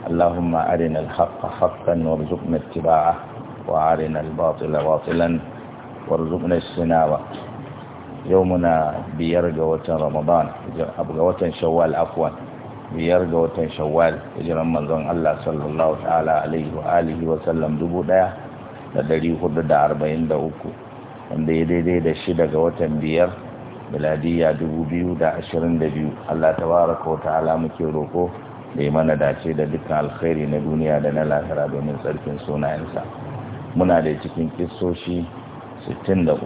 اللهم أرنا الحق حقا وارزقنا اتباعه وأرنا الباطل باطلا وارزقنا السناوة يومنا بيرجى وتن رمضان أبقى وتن شوال عفوا بيرجى وتن شوال يجرى رمضان الله صلى الله تعالى عليه وآله وسلم دبو دا لدري خد دا أربعين دا أكو wanda ya daidai da shi daga watan biyar miladiya dubu biyu da ashirin da biyu allah tabaraka wa ta'ala muke roko da yi mana dace da dukkan alkhairi na duniya da na lahira domin tsarkin sunayensa muna da cikin kisoshi 63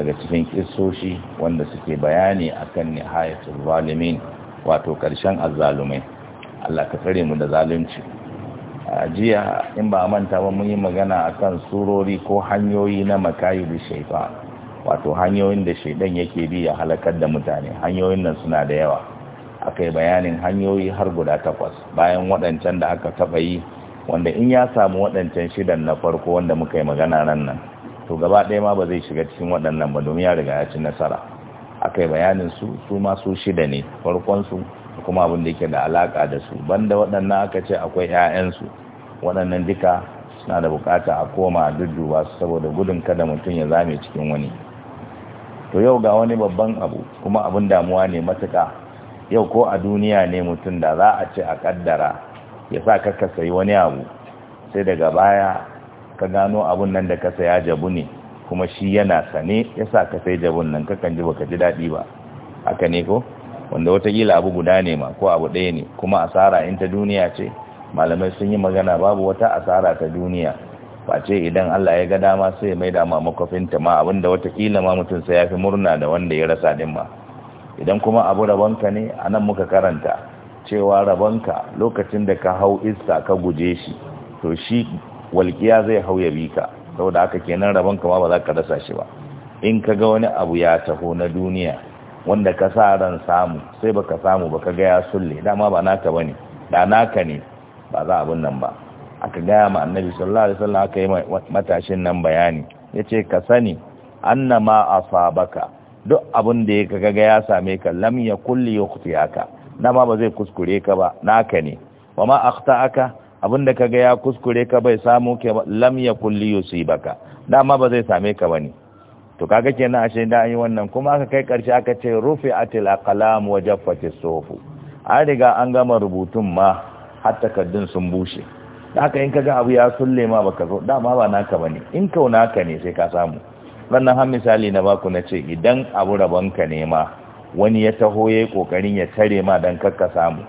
daga cikin kisoshi wanda suke bayani akan nihayatul zalimin wato karshen azzalumai Allah ka tsare mu da zalunci a jiya in ba manta ba mun yi magana akan surori ko hanyoyi na da shaifa wato hanyoyin da shaidan yake bi ya halakar da mutane hanyoyin nan suna da yawa aka yi bayanin hanyoyi har guda takwas bayan waɗancan da aka taɓa yi wanda in ya samu waɗancan shidan na farko wanda muka yi magana ran nan to gaba ɗaya ma ba zai shiga cikin waɗannan ba domin ya riga ya ci nasara aka yi bayanin su su ma su shida ne farkonsu da kuma abin da yake da alaƙa da su banda waɗannan aka ce akwai 'ya'yansu waɗannan duka suna da bukata a koma a dudduba su saboda gudun kada mutum ya zame cikin wani to yau ga wani babban abu kuma abin damuwa ne matuƙa yau ko a duniya ne mutum da za a ce a kaddara ya sa ka sayi wani abu sai daga baya ka gano abun nan da ka saya jabu ne kuma shi yana sane ya sa ka sai jabun nan kakan ji baka ji daɗi ba haka ne ko wanda watakila abu guda ne ma ko abu ɗaya ne kuma asara in ta duniya ce malamai sun yi magana babu wata asara ta duniya ba ce idan Allah ya ga dama sai ya maida ma makwafinta ma abinda watakila ma mutum sai ya fi murna da wanda ya rasa din ma idan kuma abu rabonka ne a nan muka karanta cewa rabonka lokacin da ka hau iska ka guje shi to shi walƙiya zai hau ya bi ka saboda aka kenan rabonka ma ba za ka rasa shi ba in ka ga wani abu ya taho na duniya wanda ka sa ran samu sai baka samu baka ga ya sulle dama ba naka bane da naka ne ba za abun nan ba aka gaya ma annabi sallallahu alaihi wasallam aka yi matashin nan bayani yace ka sani annama asabaka duk abin da ya kaga ya same ka lam ya kulli ka dama ba zai kuskure ka ba naka ne wa ma akhtaaka abin da kaga ya kuskure ka bai samu ke lam ya kulli yusibaka dama ba zai same ka bane to kaga kenan ashe da an yi wannan kuma aka kai karshe aka ce rufi'atil aqlam wa jaffatis suhuf an riga an gama rubutun ma har takaddun sun bushe da haka in kaga abu ya sulle ma baka zo dama ba naka bane in ka ne sai ka samu sannan har misali na baku na ce idan abu rabonka ne ma wani ya taho ya yi ƙoƙarin ya tare ma don kakka samu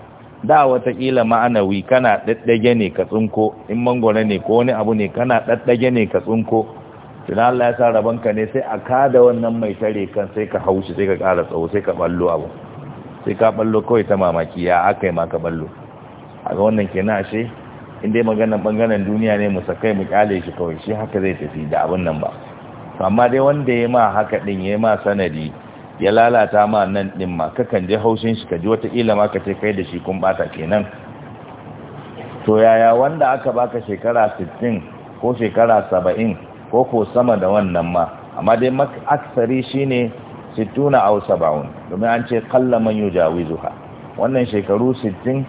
da watakila ma'anawi kana ɗaɗɗage ne ka tsunko in mangwara ne ko wani abu ne kana ɗaɗɗage ne ka tsunko tunan Allah ya sa rabonka ne sai a kada wannan mai tare kan sai ka haushi sai ka ƙara tsawo sai ka ballo abu sai ka ballo kawai ta mamaki ya aka yi maka ballo a ga wannan kenan ashe in dai maganar bangaren duniya ne mu sakai mu kyale shi kawai shi haka zai tafi da abin nan ba amma dai wanda ya ma haka din ya ma sanadi ya lalata ma nan din ma kakan je haushin shi ka ji wata ila ma ka ce kai da shi kun bata kenan to yaya wanda aka baka shekara 60 ko shekara 70 ko ko sama da wannan ma amma dai mak aksari shine 60 aw 70 domin an ce qalla man yujawizuha wannan shekaru 60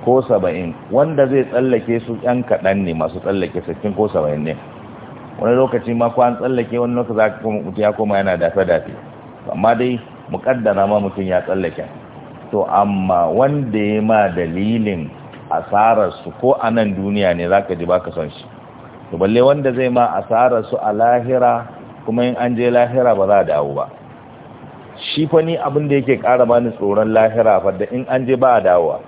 ko 70 wanda zai tsallake su ɗan kaɗan ne masu tsallake 60 ko 70 ne wani lokaci ma kwan tsallake wani lokaci za ka mutum ya koma yana dafe dafe amma dai muƙaddara ma mutum ya tsallake to amma wanda ya ma dalilin asararsu ko a nan duniya ne za ka ji ba ka son shi to balle wanda zai ma asararsu a lahira kuma in an je lahira ba za a dawo ba shi fa ni abin da yake ƙara bani tsoron lahira fa da in an je ba a dawowa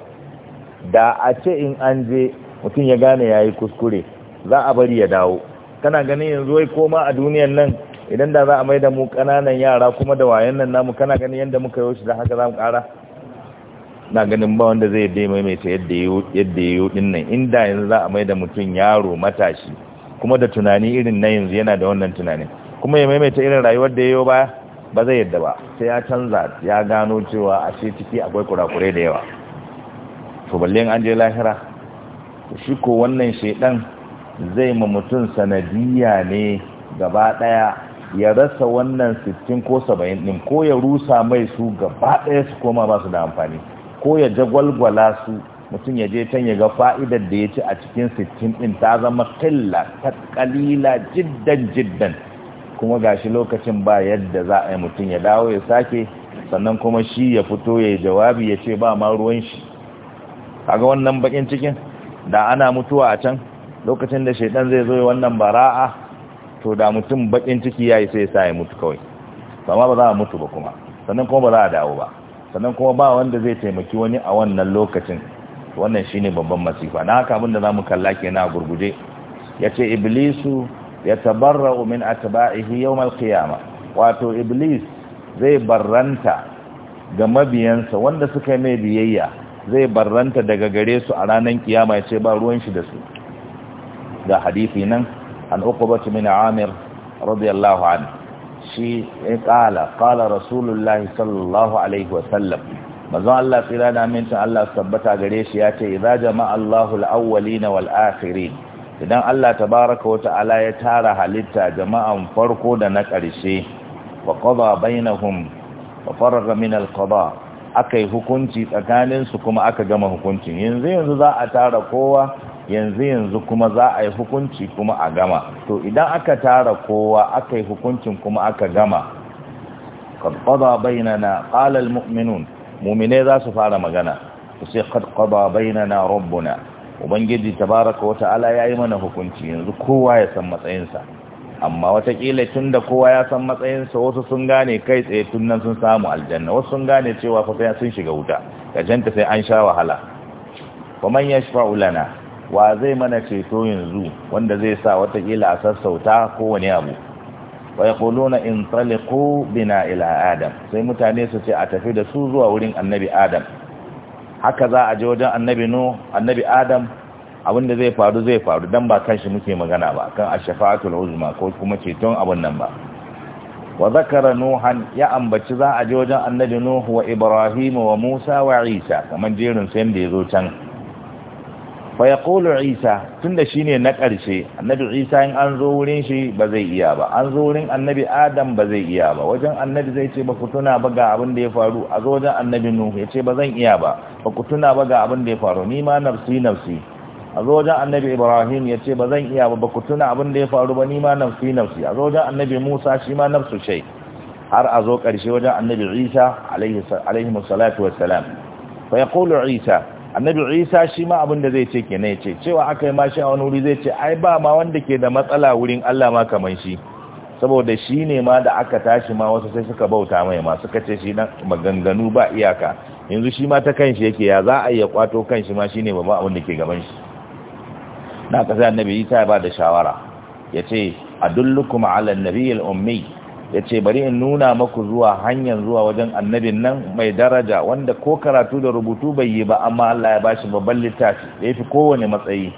da a ce in an je mutum ya gane ya yi kuskure za a bari ya dawo kana ganin yanzu wai koma a duniyan nan idan da za a mai da mu kananan yara kuma da wayan nan namu kana ganin yadda muka yi da haka za mu kara na ganin ba wanda zai dai maimaita yadda ya yi ya din nan inda yanzu za a mai da mutum yaro matashi kuma da tunani irin na yanzu yana da wannan tunanin kuma ya maimaita irin rayuwar da ya yi ba zai yadda ba sai ya canza ya gano cewa a ce ciki akwai kurakurai da yawa to balle an je lahira shi ko wannan shaidan. zai ma mutum sanadiyya ne gaba ɗaya ya rasa wannan sittin ko saba'in ɗin ko ya rusa mai su gaba ɗaya su koma ba su da amfani ko ya jagwalgwala su mutum ya je can ya ga fa'idar da ya ci a cikin sittin ɗin ta zama killa ta kalila jiddan jiddan kuma gashi lokacin ba yadda za a yi mutum ya dawo ya sake sannan kuma shi ya fito ya jawabi ya ce ba ma ruwan shi kaga wannan bakin cikin da ana mutuwa a can lokacin da shaidan zai zo wannan bara'a to da mutum bakin ciki yayi sai sa ya mutu kawai amma ba za a mutu ba kuma sannan kuma ba za a dawo ba sannan kuma ba wanda zai taimaki wani a wannan lokacin wannan shine babban masifa na haka abinda da zamu kalla kenan a gurguje yace iblisu yatabarra'u min atba'ihi yawm al-qiyamah wato iblis zai barranta ga mabiyansa wanda suka yi mai biyayya zai barranta daga gare su a ranar kiyama ya ce ba ruwan shi da su ga hadisi nan an uqbatu min amir radiyallahu anhu shi ya kala kala rasulullahi sallallahu alaihi wasallam mazan Allah tsira da amincin Allah tabbata gare shi ya ce idza jama'a Allahu al-awwalin wal akhirin idan Allah tabaaraka wa ta'ala ya tara halitta jama'an farko da na ƙarshe wa qada bainahum wa faraga min al-qada akai hukunci tsakanin su kuma aka gama hukuncin yanzu yanzu za a tara kowa yanzu yanzu kuma za a yi hukunci kuma a gama to idan aka tara kowa aka yi hukuncin kuma aka gama kad qada bainana qala al mu'minun mu'mine za su fara magana sai kad qada bainana rabbuna ubangiji wata wa ta'ala yayi mana hukunci yanzu kowa ya san matsayinsa amma watakila tun da kowa ya san matsayinsa wasu sun gane kai tsaye tun nan sun samu aljanna wasu sun gane cewa fa sun shiga wuta kajanta sai an sha wahala kuma man yashfa'u lana wa zai mana ceto yanzu wanda zai sa watakila a sassauta kowane wani abu wa yaquluna in taliqu bina ila adam sai mutane su ce a tafi da su zuwa wurin annabi adam haka za a je wajen annabi no annabi adam abinda zai faru zai faru dan ba kan shi muke magana ba kan ash-shafa'atul uzma ko kuma ceton abun nan ba wa zakara nuhan ya ambaci za a je wajen annabi nuhu wa ibrahim wa musa wa isa kamar jerin sai da yazo can fa tun isa shi ne na ƙarshe annabi isa in an zo wurin shi ba zai iya ba an zo wurin annabi adam ba zai iya ba wajen annabi zai ce ba ku tuna ba ga abin da ya faru a zo wajen annabi nuhu ya ce ba zan iya ba ba ku tuna ba ga abin da ya faru ni ma nafsi nafsi a zo wajen annabi ibrahim ya ce ba zan iya ba ba ku tuna abin da ya faru ba ni ma nafsi nafsi a zo wajen annabi musa shi ma nafsu shai har a zo ƙarshe wajen annabi isa alaihi salatu wassalam fa yaqulu isa annabi isa shi ma abin da zai ce kenan ya ce cewa aka yi mashi a wani wuri zai ce ai ba ma wanda ke da matsala wurin allah ma kamar shi saboda shi ne ma da aka tashi ma wasu sai suka bauta mai ma suka ce shi dan maganganu ba iyaka yanzu shi ma ta kanshi yake ya za a iya kwato kanshi ma shi ne babban abin da ke gaban shi na kasa annabi isa ba da shawara ya ce yace adullukum ala annabiyil ummi ya ce bari in nuna maku zuwa hanyar zuwa wajen annabin nan mai daraja wanda ko karatu da rubutu bai yi ba amma Allah ya bashi babban littafi da ya fi kowane matsayi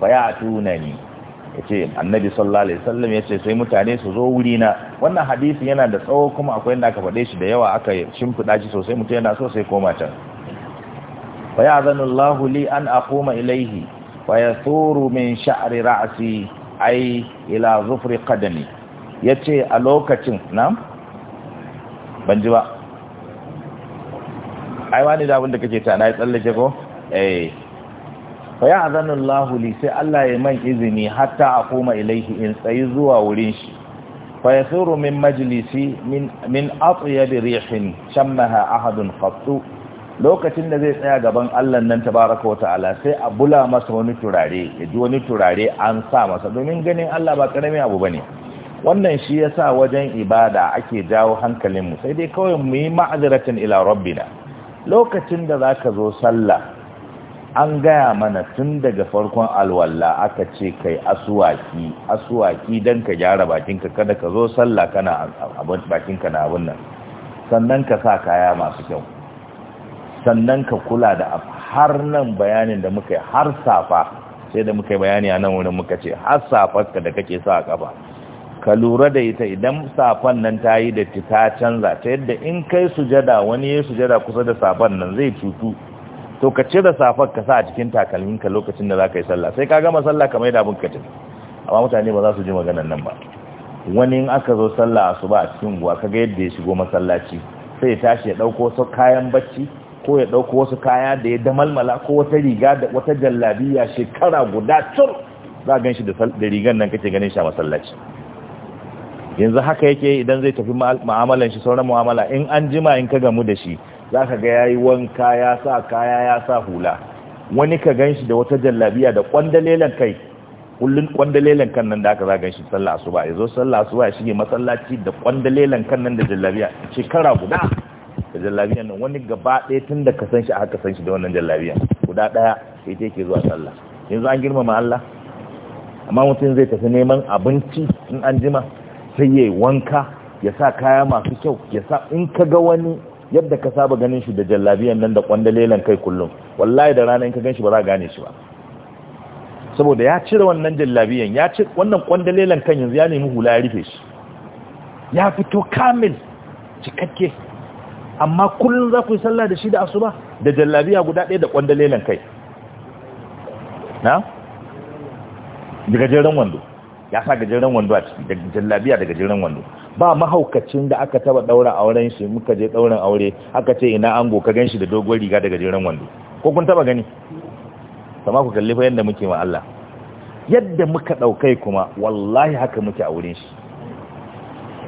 fa ya tuna ni ya ce annabi sallallahu alaihi wasallam ya ce sai mutane su zo wuri na wannan hadisi yana da tsawo kuma akwai inda aka faɗe shi da yawa aka shimfiɗa shi sosai mutum yana so sai koma can fa ya Allahu li an aquma ilaihi wa yasuru min sha'ri ra'si ai ila zufri qadami ya ce a lokacin na ban ji ba aiwa ne da wanda kake ta na ya tsallake ko eh fa ya azanallahu li sai Allah ya man izini hatta a koma ilaihi in tsayi zuwa wurin shi fa yasiru min majlisi min min atyab rihin shammaha ahadun qattu lokacin da zai tsaya gaban Allah nan tabaraka wa ta'ala sai a bula masa wani turare ya ji wani turare an sa masa domin ganin Allah ba karami abu bane wannan shi ya sa wajen ibada ake jawo hankalinmu sai dai kawai mu yi ma'aziratin ila rabbina lokacin da zaka zo sallah an gaya mana tun daga farkon alwalla aka ce kai asuwaki asuwaki don ka gyara bakinka kada ka zo sallah kana bakinka na abin nan sannan ka sa kaya masu kyau sannan ka kula da har nan bayanin da muka yi har safa sai da muka yi bayani a nan wurin muka ce har safarka da kake sa a kafa ka lura da ita idan safan nan ta yi da ta canza ta yadda in kai sujada wani ya sujada kusa da safan nan zai cutu to ka cire safar ka sa a cikin takalminka lokacin da za ka yi sallah sai ka gama sallah ka mai damun abin amma mutane ba za su ji maganan nan ba wani in aka zo sallah a ba a cikin guwa kaga yadda ya shigo masallaci sai ya tashi ya ɗauko wasu kayan bacci ko ya ɗauko wasu kaya da ya damalmala ko wata riga da wata jallabiya shekara guda tur za a gan shi da rigar nan kake ganin shi a masallaci yanzu haka yake idan zai tafi ma'amalan shi sauran mu'amala in an jima in ka gamu da shi za ka ga yayi wanka ya sa kaya ya sa hula wani ka ganshi da wata jallabiya da kwandalelan kai kullun kwandalelan kan nan da aka za shi sallah asuba yazo sallah asuba ya shige masallaci da kwandalelan kan nan da jallabiya shekara guda da jallabiyan nan wani gaba ɗaya tun da ka san shi aka san shi da wannan jallabiyan guda ɗaya sai ta yake zuwa sallah yanzu an girmama Allah amma mutum zai tafi neman abinci in an jima sai ya wanka ya sa kaya masu kyau ya sa in ka ga wani yadda ka saba ganin shi da jallabiyan nan da kwandalelan kai kullum wallahi da rana in ka gan shi ba za a gane shi ba saboda ya cire wannan jallabiyan ya ci wannan kwandalelan kan yanzu ya nemi hula ya rufe shi ya fito kamil cikakke amma kullum za ku yi sallah da shi da asuba da jallabiya guda ɗaya da kwandalelan kai na daga jeren wando ya sa gajeren wando a ciki da jallabiya da gajeren wando ba mahaukacin da aka taba daura auren shi muka je daurin aure aka ce ina ango ka ganshi da dogon riga da gajeren wando ko kun taba gani sama ku kalli fa yanda muke ma Allah yadda muka daukai kuma wallahi haka muke a wurin shi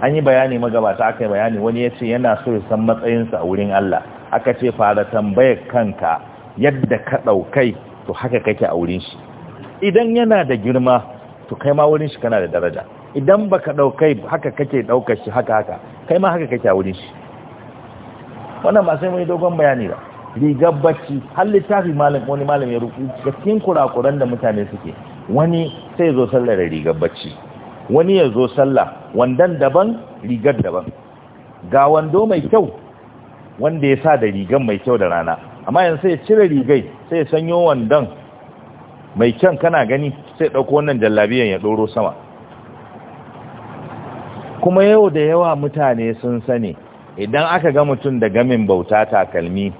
an yi bayani magabata aka yi bayani wani ya ce yana so ya san matsayinsa a wurin Allah aka ce fara tambayar kanka yadda ka daukai to haka kake a wurin shi idan yana da girma to kai ma wurin shi kana da daraja idan baka daukai haka kake daukar shi haka haka kai ma haka kake a wurin shi wannan ba sai dogon bayani ba rigar bacci har littafi malam wani malam ya ruku cikin kurakuran da mutane suke wani sai ya zo sallar da rigar bacci wani ya zo sallah wandan daban rigar daban ga wando mai kyau wanda ya sa da rigar mai kyau da rana amma yanzu sai ya cire rigai sai ya sanyo wandan. mai kyan kana gani sai ɗauko wannan jallabiyan ya ɗoro sama kuma yau da yawa mutane sun sani idan aka ga mutum da gamin bauta takalmi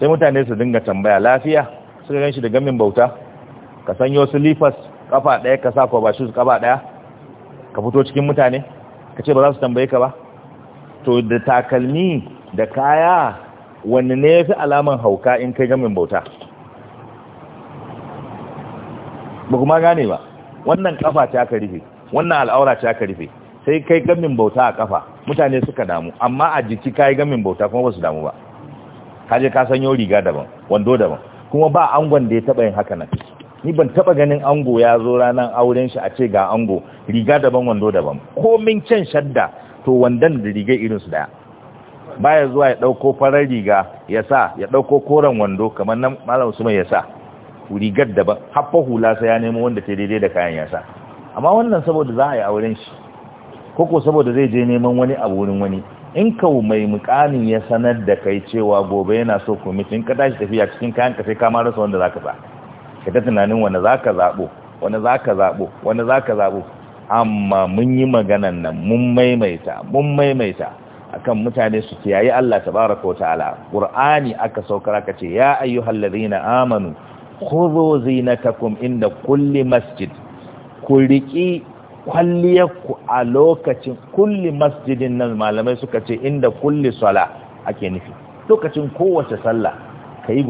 sai mutane su dinga tambaya lafiya suka gan shi da gamin bauta ka sanyo silifas kafa ɗaya ka sa ba su kafa ɗaya ka fito cikin mutane ka ce ba za su tambaye ka ba to da takalmi da kaya wanne ne ya fi alaman hauka in kai gamin bauta ba kuma gane ba wannan kafa ta ka rufe wannan al'aura ta ka rufe sai kai gamin bauta a kafa mutane suka damu amma a jiki kai gamin bauta kuma ba su damu ba ka je ka sanyo riga daban wando daban kuma ba angon da ya taba yin haka nan ni ban taba ganin ango ya zo ranar auren shi a ce ga ango riga daban wando daban ko min can shadda to wandan da riga irin su daya baya zuwa ya dauko farar riga ya sa ya dauko koren wando kamar nan malam Usman ya sa rigar daban haffa hula sai ya nemo wanda ta daidai da kayan yasa amma wannan saboda za a yi auren shi koko saboda zai je neman wani a wurin wani in ka mai mukamin ya sanar da kai cewa gobe yana so komiti in ka tashi tafiya cikin kayan ka sai ka mara sa wanda ka sa ka ta tunanin wanda ka zabo wanda ka zabo wanda ka zabo amma mun yi maganan nan mun maimaita mun maimaita akan mutane su kiyaye Allah tabaraka wa ta'ala Qur'ani aka saukar aka ce ya ayyuhallazina amanu khudhu zinatakum inda kulli masjid ku riki kwalliyarku a lokacin kulli masjidin nan malamai suka ce inda kulli sala ake nufi lokacin kowace sallah kayi yi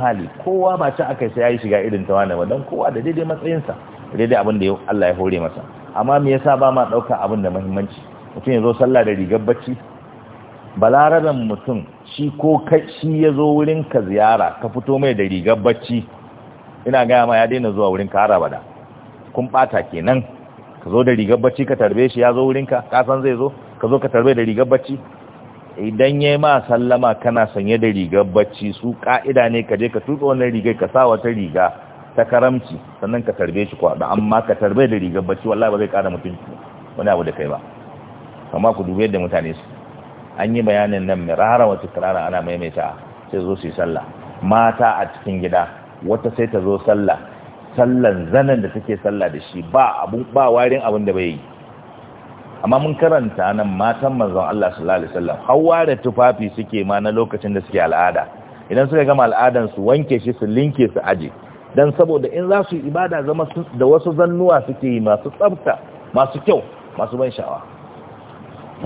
hali kowa ba ta aka sai ya shiga irin ta wani don kowa da daidai matsayinsa daidai abin da Allah ya hore masa amma me yasa ba ma ɗauka abin da muhimmanci mutum ya zo sallah da rigar bacci balaraben mutum shi ko shi ya zo wurin ka ziyara ka fito mai da rigar bacci ina gaya ma ya daina zuwa wurin ka bada kun bata kenan ka zo da rigar bacci ka tarbe shi ya zo wurinka ka san zai zo ka zo ka tarbe da rigar bacci idan yayi ma sallama kana sanye da rigar bacci su ka'ida ne ka je ka tuka wannan rigar ka sa wata riga ta karamci sannan ka tarbe shi kwada amma ka tarbe da rigar bacci wallahi ba zai kara mutunci wani abu da kai ba amma ku dubi yadda mutane su an yi bayanin nan mirara wata kirara ana maimaita sai zo su yi sallah mata a cikin gida wata sai ta zo sallah sallan zanen da take sallah da shi ba abun ba warin abun da bai yi amma mun karanta nan matan manzon Allah sallallahu alaihi wasallam hawa da tufafi suke ma na lokacin da suke al'ada idan suka gama al'adan su wanke shi su linke su aje dan saboda in za su ibada zama da wasu zannuwa suke yi masu tsafta masu kyau masu ban sha'awa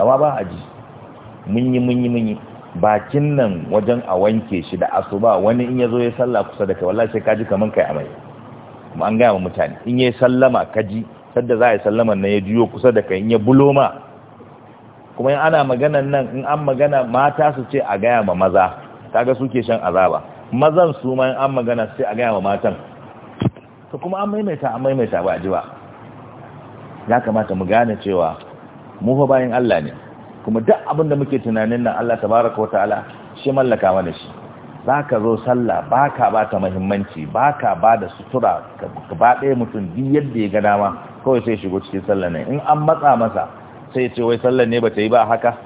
amma ba aji mun yi mun yi mun yi bakin nan wajen a wanke shi da asuba wani in ya zo ya salla kusa da kai wallahi sai kaji kaman kai amai kuma an gaya wa mutane in ya sallama kaji sadda za a yi sallaman nan ya juyo kusa da kai in ya bulo ma kuma in ana maganan nan in an magana mata su ce a gaya ma maza kaga suke shan azaba mazan su ma in an magana su ce a gaya ma matan to kuma an maimaita an maimaita ba ji ba ya kamata mu gane cewa mu fa bayan Allah ne kuma duk abin da muke tunanin nan Allah tabaraka wa ta'ala shi mallaka mana shi baka zo sallah baka ba ta muhimmanci baka ba da sutura gaba ɗaya mutum duk yadda ya ga dama kawai sai shigo cikin sallah ne in an matsa masa sai ce wai sallah ne bata yi ba haka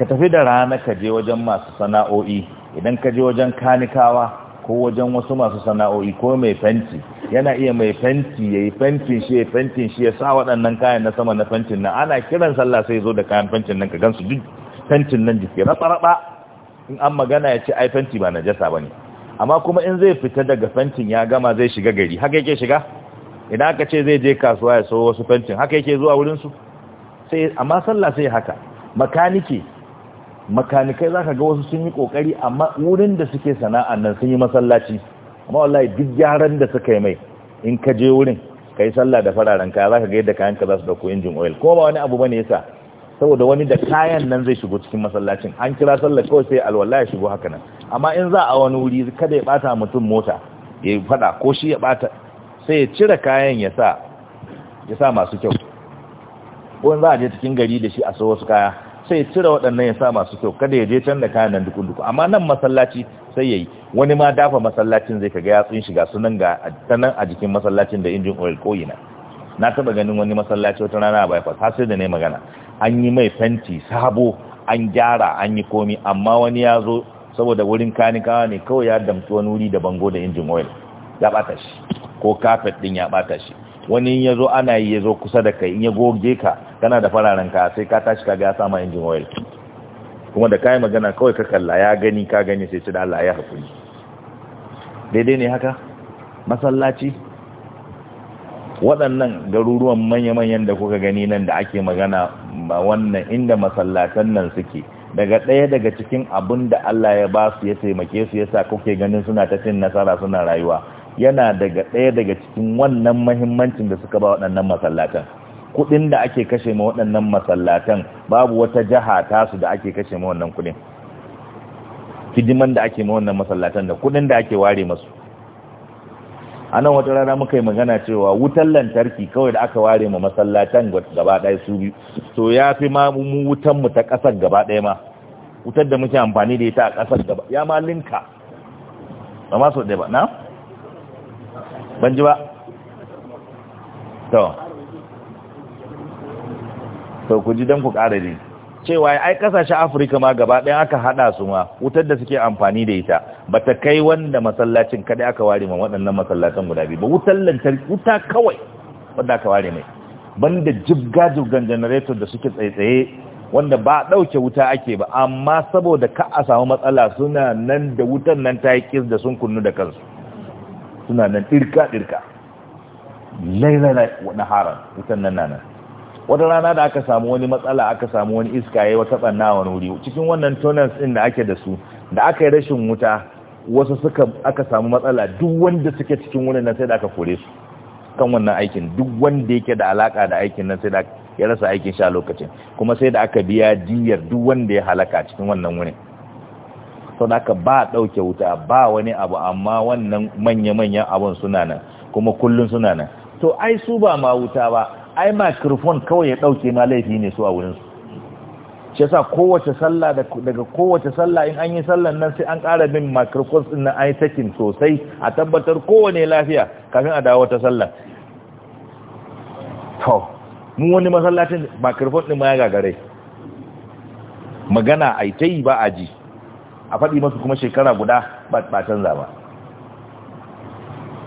ka tafi da rana ka je wajen masu sana'o'i idan ka je wajen kanikawa ko wajen wasu masu sana'o'i ko mai fenti yana iya mai fenti ya yi fentin shi ya fentin shi ya sa waɗannan kayan na sama na fentin nan ana kiran sallah sai zo da kayan fentin nan ka gansu duk fentin nan jiki raɓa-raɓa in an magana ya ce ai fenti ba na jasa ba ne amma kuma in zai fita daga fentin ya gama zai shiga gari haka yake shiga idan aka ce zai je kasuwa ya sayo wasu fentin haka yake zuwa su sai amma sallah sai haka makaniki makanikai za ka ga wasu sun yi kokari amma wurin da suke sana'a nan sun yi masallaci amma wallahi duk gyaran da suka yi mai in ka je wurin ka yi sallah da fararen kaya ka ga yadda kayan ka za su dauko injin oil ko ba wani abu bane yasa saboda wani da kayan nan zai shigo cikin masallacin an kira sallah kawai sai alwala ya shigo haka nan amma in za a wani wuri kada ya bata mutum mota ya fada ko shi ya bata sai ya cire kayan ya sa ya sa masu kyau ko in za a je cikin gari da shi a so wasu kaya sai cire waɗannan ya sa masu kyau kada ya je can da kayan nan dukun duku amma nan masallaci sai ya yi wani ma dafa masallacin zai kaga ya tsin shiga sunan ga ta nan a jikin masallacin da injin oil ko ina na taba ganin wani masallaci wata rana a bypass har sai da ne magana an yi mai fenti sabo an gyara an yi komi amma wani ya zo saboda wurin kanikawa ne kawai ya damtu wani wuri da bango da injin oil ya bata shi ko kafet ɗin ya bata shi wani ya zo ana yi ya zo kusa da kai in ya goge ka kana da fararen ka sai ka tashi ka ga ya sama injin oil kuma da kayan magana kawai ka kalla ya gani ka gani sai ci da Allah ya haƙuri daidai ne haka masallaci waɗannan garuruwan manya-manyan da kuka gani nan da ake magana wannan inda masallatan nan suke daga ɗaya daga cikin abin da Allah ya ba su ya taimake su ya sa kuke ganin suna ta cin nasara suna rayuwa yana daga ɗaya daga cikin wannan mahimmancin da suka ba waɗannan masallatan kuɗin da ake kashe ma waɗannan masallatan babu wata jiha tasu da ake kashe ma wannan kuɗin hidiman da ake ma wannan masallatan da kuɗin da ake ware masu a nan wata rana muka yi magana cewa wutar lantarki kawai da aka ware ma masallatan gaba ɗaya su biyu to ya fi ma mu wutan mu ta ƙasar gaba ɗaya ma wutar da muke amfani da ita a ƙasar gaba ya ma linka ba ma so ɗaya ba na ban ji ba to to ku ji dan ku kare cewa ai kasashen afirka ma gaba ɗaya aka haɗa su ma wutar da suke amfani da ita ba ta kai wanda masallacin kaɗai aka ware ma waɗannan masallacin guda biyu ba wutar lantarki wuta kawai wanda aka ware mai banda jibga-jibgan janareto da suke tsaye-tsaye wanda ba ɗauke wuta ake ba amma saboda ka a samu matsala suna nan da wutan nan ta yi kis da sun kunnu da kansu suna nan ɗirka ɗirka lailala wani haram wutan nan nan wata rana da aka samu wani matsala aka samu wani iska ya wata ɓanna wani wuri cikin wannan tunnels ɗin da ake da su da aka yi rashin wuta wasu suka aka samu matsala duk wanda suke cikin wurin nan sai da aka kore su kan wannan aikin duk wanda yake da alaka da aikin nan sai da ya rasa aikin sha lokacin kuma sai da aka biya diyar duk wanda ya halaka cikin wannan wurin haka ba ɗauke wuta ba wani abu amma wannan manya-manyan abun suna nan kuma kullum suna nan to ai su ba ma wuta ba ai microphone kawai ya ɗauke ma laifi ne su a wurin su shi yasa kowace sallah daga kowace sallah in an yi sallan nan sai an ƙara bin microphone din nan ai takin sosai a tabbatar kowane lafiya kafin a dawo ta sallah to mu wani masallacin microphone din ma ya gagare magana ai ta yi ba a ji a faɗi masu kuma shekara guda ba canza ba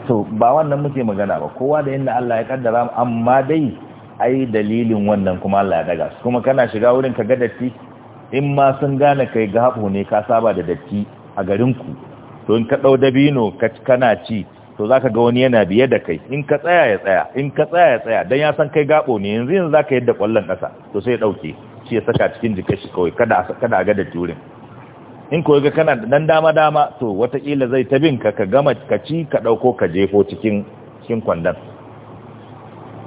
to ba wannan muke magana ba kowa da yadda Allah ya kaddara amma dai ai dalilin wannan kuma Allah ya daga kuma kana shiga wurin ka ga datti in ma sun gane kai gafo ne ka saba da datti a garin ku to in ka dau dabino ka kana ci to zaka ga wani yana biye da kai in ka tsaya ya tsaya in ka tsaya ya tsaya dan ya san kai gabo ne yanzu yanzu zaka yadda kwallon kasa to sai ya dauke shi ya saka cikin jikin shi kawai kada kada ga datti wurin in ko ga kana da dan dama dama to watakila zai ta bin ka ka gama ka ci ka dauko ka jefo cikin cikin kwandon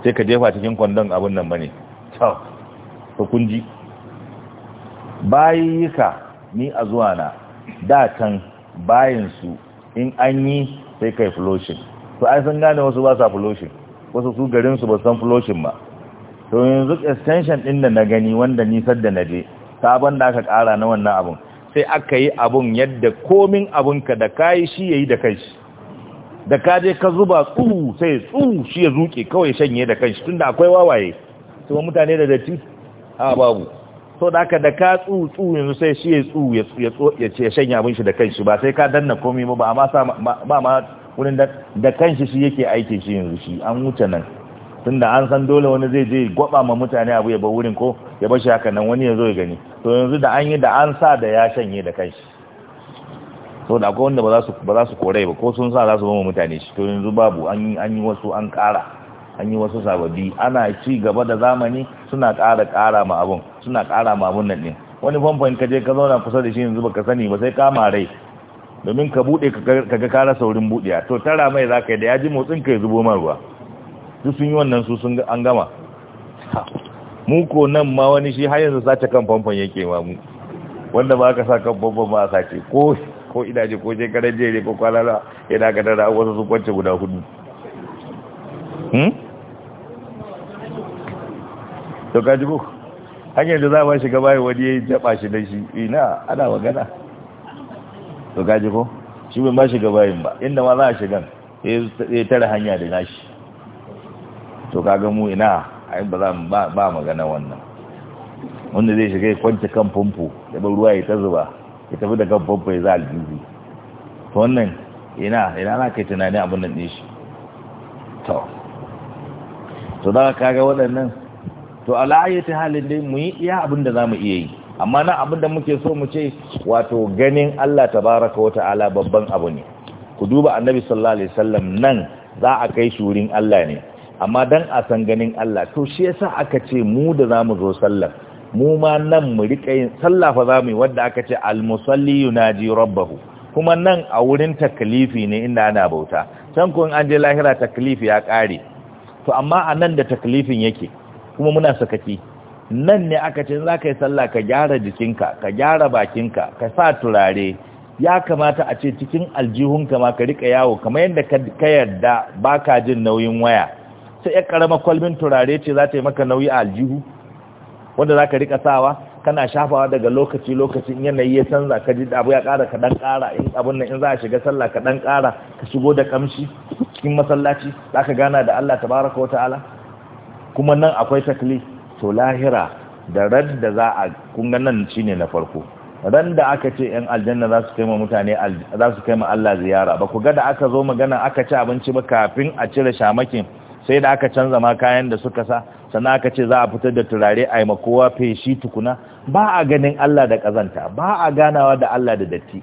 sai ka jefa cikin kwandon abun nan bane to to kunji bayika ni a zuwa na da can bayin in an yi sai kai floshin to ai sun gane wasu ba sa floshin wasu su garin su ba san floshin ba to yanzu extension ɗin da na gani wanda ni sadda na je sabon da aka kara na wannan abin. sai aka yi abun yadda komin abunka da yi shi ya yi da kanshi da ka je ka zuba tsuhu sai tsuhu shi ya zuke kawai shanye da kanshi tunda akwai wawaye kuma mutane da datti a babu so da aka da ka tsuhu tsuhu yanzu sai shi ya tsuhu ya ce shanya abin shi da kanshi ba sai ka danna komi ba ma sa ba ma wurin da kanshi shi yake aikin shi yanzu shi an wuce nan tunda an san dole wani zai je gwaba ma mutane abu ya ba wurin ko ya bashi haka nan wani ya zo ya gani to yanzu da an yi da an sa da ya shanye da kanshi so da akwai wanda ba za su kore ba ko sun sa za su bama mutane shi to yanzu babu an yi wasu an kara an yi wasu sababbi ana ci gaba da zamani suna ƙara kara ma abun suna kara ma abun nan ne wani famfon ka je ka zauna kusa da shi yanzu baka sani ba sai kama rai domin ka bude ka ga kara saurin wurin budiya to tara mai zaka yi da ya ji motsin ka ya zubo man ruwa su sun yi wannan su sun an gama mu ko nan ma wani shi har yanzu sace kan famfon yake ma mu wanda ba ka sa kan famfon ba a sace ko ko idaje ko je karan jere ko kwalala yana ga tara wasu su kwance guda hudu hmm? to ka ji ko hanyar da za shi shiga bayan wani ya yi jaba shi da shi ina ana magana to ka ji ko shi ba ma shiga bayin ba inda ma za a shigan ya tare hanya da nashi to kaga mu ina ai ba za ba ba magana wannan wanda zai shiga ya kwance kan pompo da ban ruwa ya ta zuba ya tafi da kan pompo ya za aljihu to wannan ina ina na kai tunani abin nan ɗin shi to to za ka ga waɗannan to ta halin dai mu yi iya abin da za mu iya yi amma na abin da muke so mu ce wato ganin Allah tabaraka wa ta'ala babban abu ne ku duba annabi sallallahu alaihi wasallam nan za a kai shurin Allah ne amma dan a san ganin Allah to shi yasa aka ce mu da zamu zo sallar mu ma nan mu rika yin sallah fa zamu yi wanda aka ce al-musalli yunaji rabbahu kuma nan a wurin taklifi ne inda ana bauta can kun an je lahira taklifi ya kare to amma a nan da taklifin yake kuma muna sakaki nan ne aka ce za ka yi sallah ka gyara jikinka ka gyara bakinka ka sa turare ya kamata a ce cikin aljihunka ma ka rika yawo kamar yadda ka yarda ba ka jin nauyin waya wata ƴar ƙarama kwalbin turare ce za ta yi maka nauyi a aljihu wanda za ka rika sawa kana shafawa daga lokaci lokaci in yanayi ya canza ka ji abu ya ƙara ka ɗan ƙara in abun nan in za a shiga sallah ka ɗan ƙara ka shigo da ƙamshi cikin masallaci za ka gana da Allah tabaraka wa ta'ala kuma nan akwai takli to lahira da ran da za a kunga nan shine na farko ran da aka ce yan aljanna za su kai ma mutane za su kai ma Allah ziyara ba ku ga da aka zo magana aka ci abinci ba kafin a cire shamakin sai da aka canza ma kayan da suka sa sannan aka ce za a fitar da turare a ma kowa feshi tukuna ba a ganin Allah da kazanta ba a ganawa da Allah da datti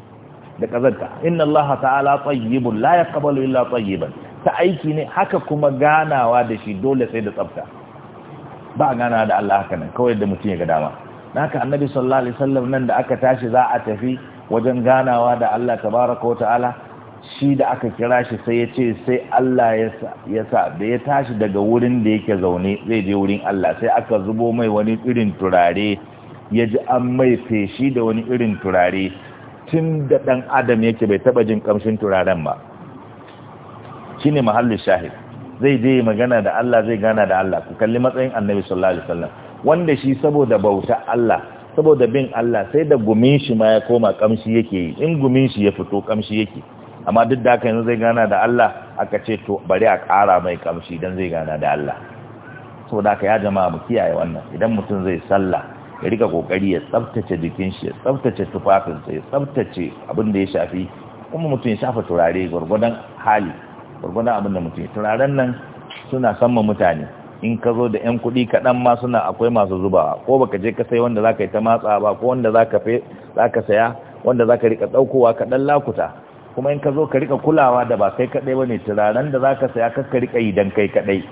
da kazanta inna Allah ta'ala tayyibun la yaqbalu illa tayyiban ta aiki ne haka kuma ganawa da shi dole sai da tsafta ba a ganawa da Allah haka nan kawai da mutum ya ga dama haka annabi sallallahu alaihi wasallam nan da aka tashi za a tafi wajen ganawa da Allah tabaraka wa ta'ala shi da aka kira shi sai ya ce sai Allah ya sa da ya tashi daga wurin da yake zaune zai je wurin Allah sai aka zubo mai wani irin turare ya ji an mai feshi da wani irin turare tun da ɗan adam yake bai taɓa jin ƙamshin turaren ba shi ne mahallin shahid zai je magana da Allah zai gana da Allah ku kalli matsayin annabi sallallahu alaihi wasallam wanda shi saboda bauta Allah saboda bin Allah sai da gumin shi ma ya koma kamshi yake yi in gumin shi ya fito kamshi yake amma duk da haka yanzu zai gana da Allah aka ce to bari a kara mai kamshi dan zai gana da Allah so da haka ya jama'a mu kiyaye wannan idan mutum zai sallah ya rika kokari ya tsaftace jikin shi ya tsaftace tufafinsa ya tsaftace abin da ya shafi kuma mutum ya shafa turare gurgurdan hali gurgurdan abin da mutum turaren nan suna samma mutane in ka zo da 'yan kuɗi kaɗan ma suna akwai masu zubawa ko baka je ka sai wanda za yi ta matsa ba ko wanda za ka saya wanda zaka rika ɗaukowa kaɗan lakuta kuma in ka zo ka rika kulawa da ba kai kadai bane turaren da zaka saya ka ka rika yi dan kai kadai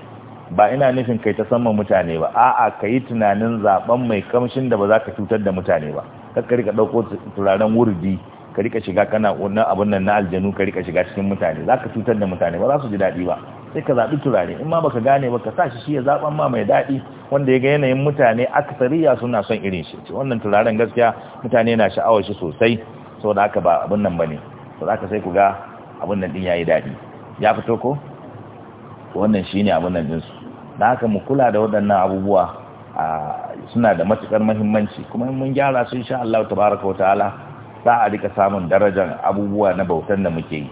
ba ina nufin kai ta saman mutane ba a'a ka yi tunanin zaben mai kamshin da ba za ka cutar da mutane ba ka ka rika dauko turaren wurdi ka rika shiga kana wannan abun nan na aljanu ka rika shiga cikin mutane za ka cutar da mutane ba za su ji daɗi ba sai ka zaɓi turare in ma baka gane ba ka sa shi shi ya zaban ma mai daɗi wanda ya ga yanayin mutane aksariya suna son irin shi wannan turaren gaskiya mutane na sha'awar shi sosai saboda haka ba abun nan ba ne to ka sai ku ga abin nan din yayi dadi ya fito ko wannan shine abin nan dinsu da haka mu kula da waɗannan abubuwa suna da matukar muhimmanci kuma mun gyara su insha Allah tabaraka wa ta'ala za a rika samun darajar abubuwa na bautan da muke yi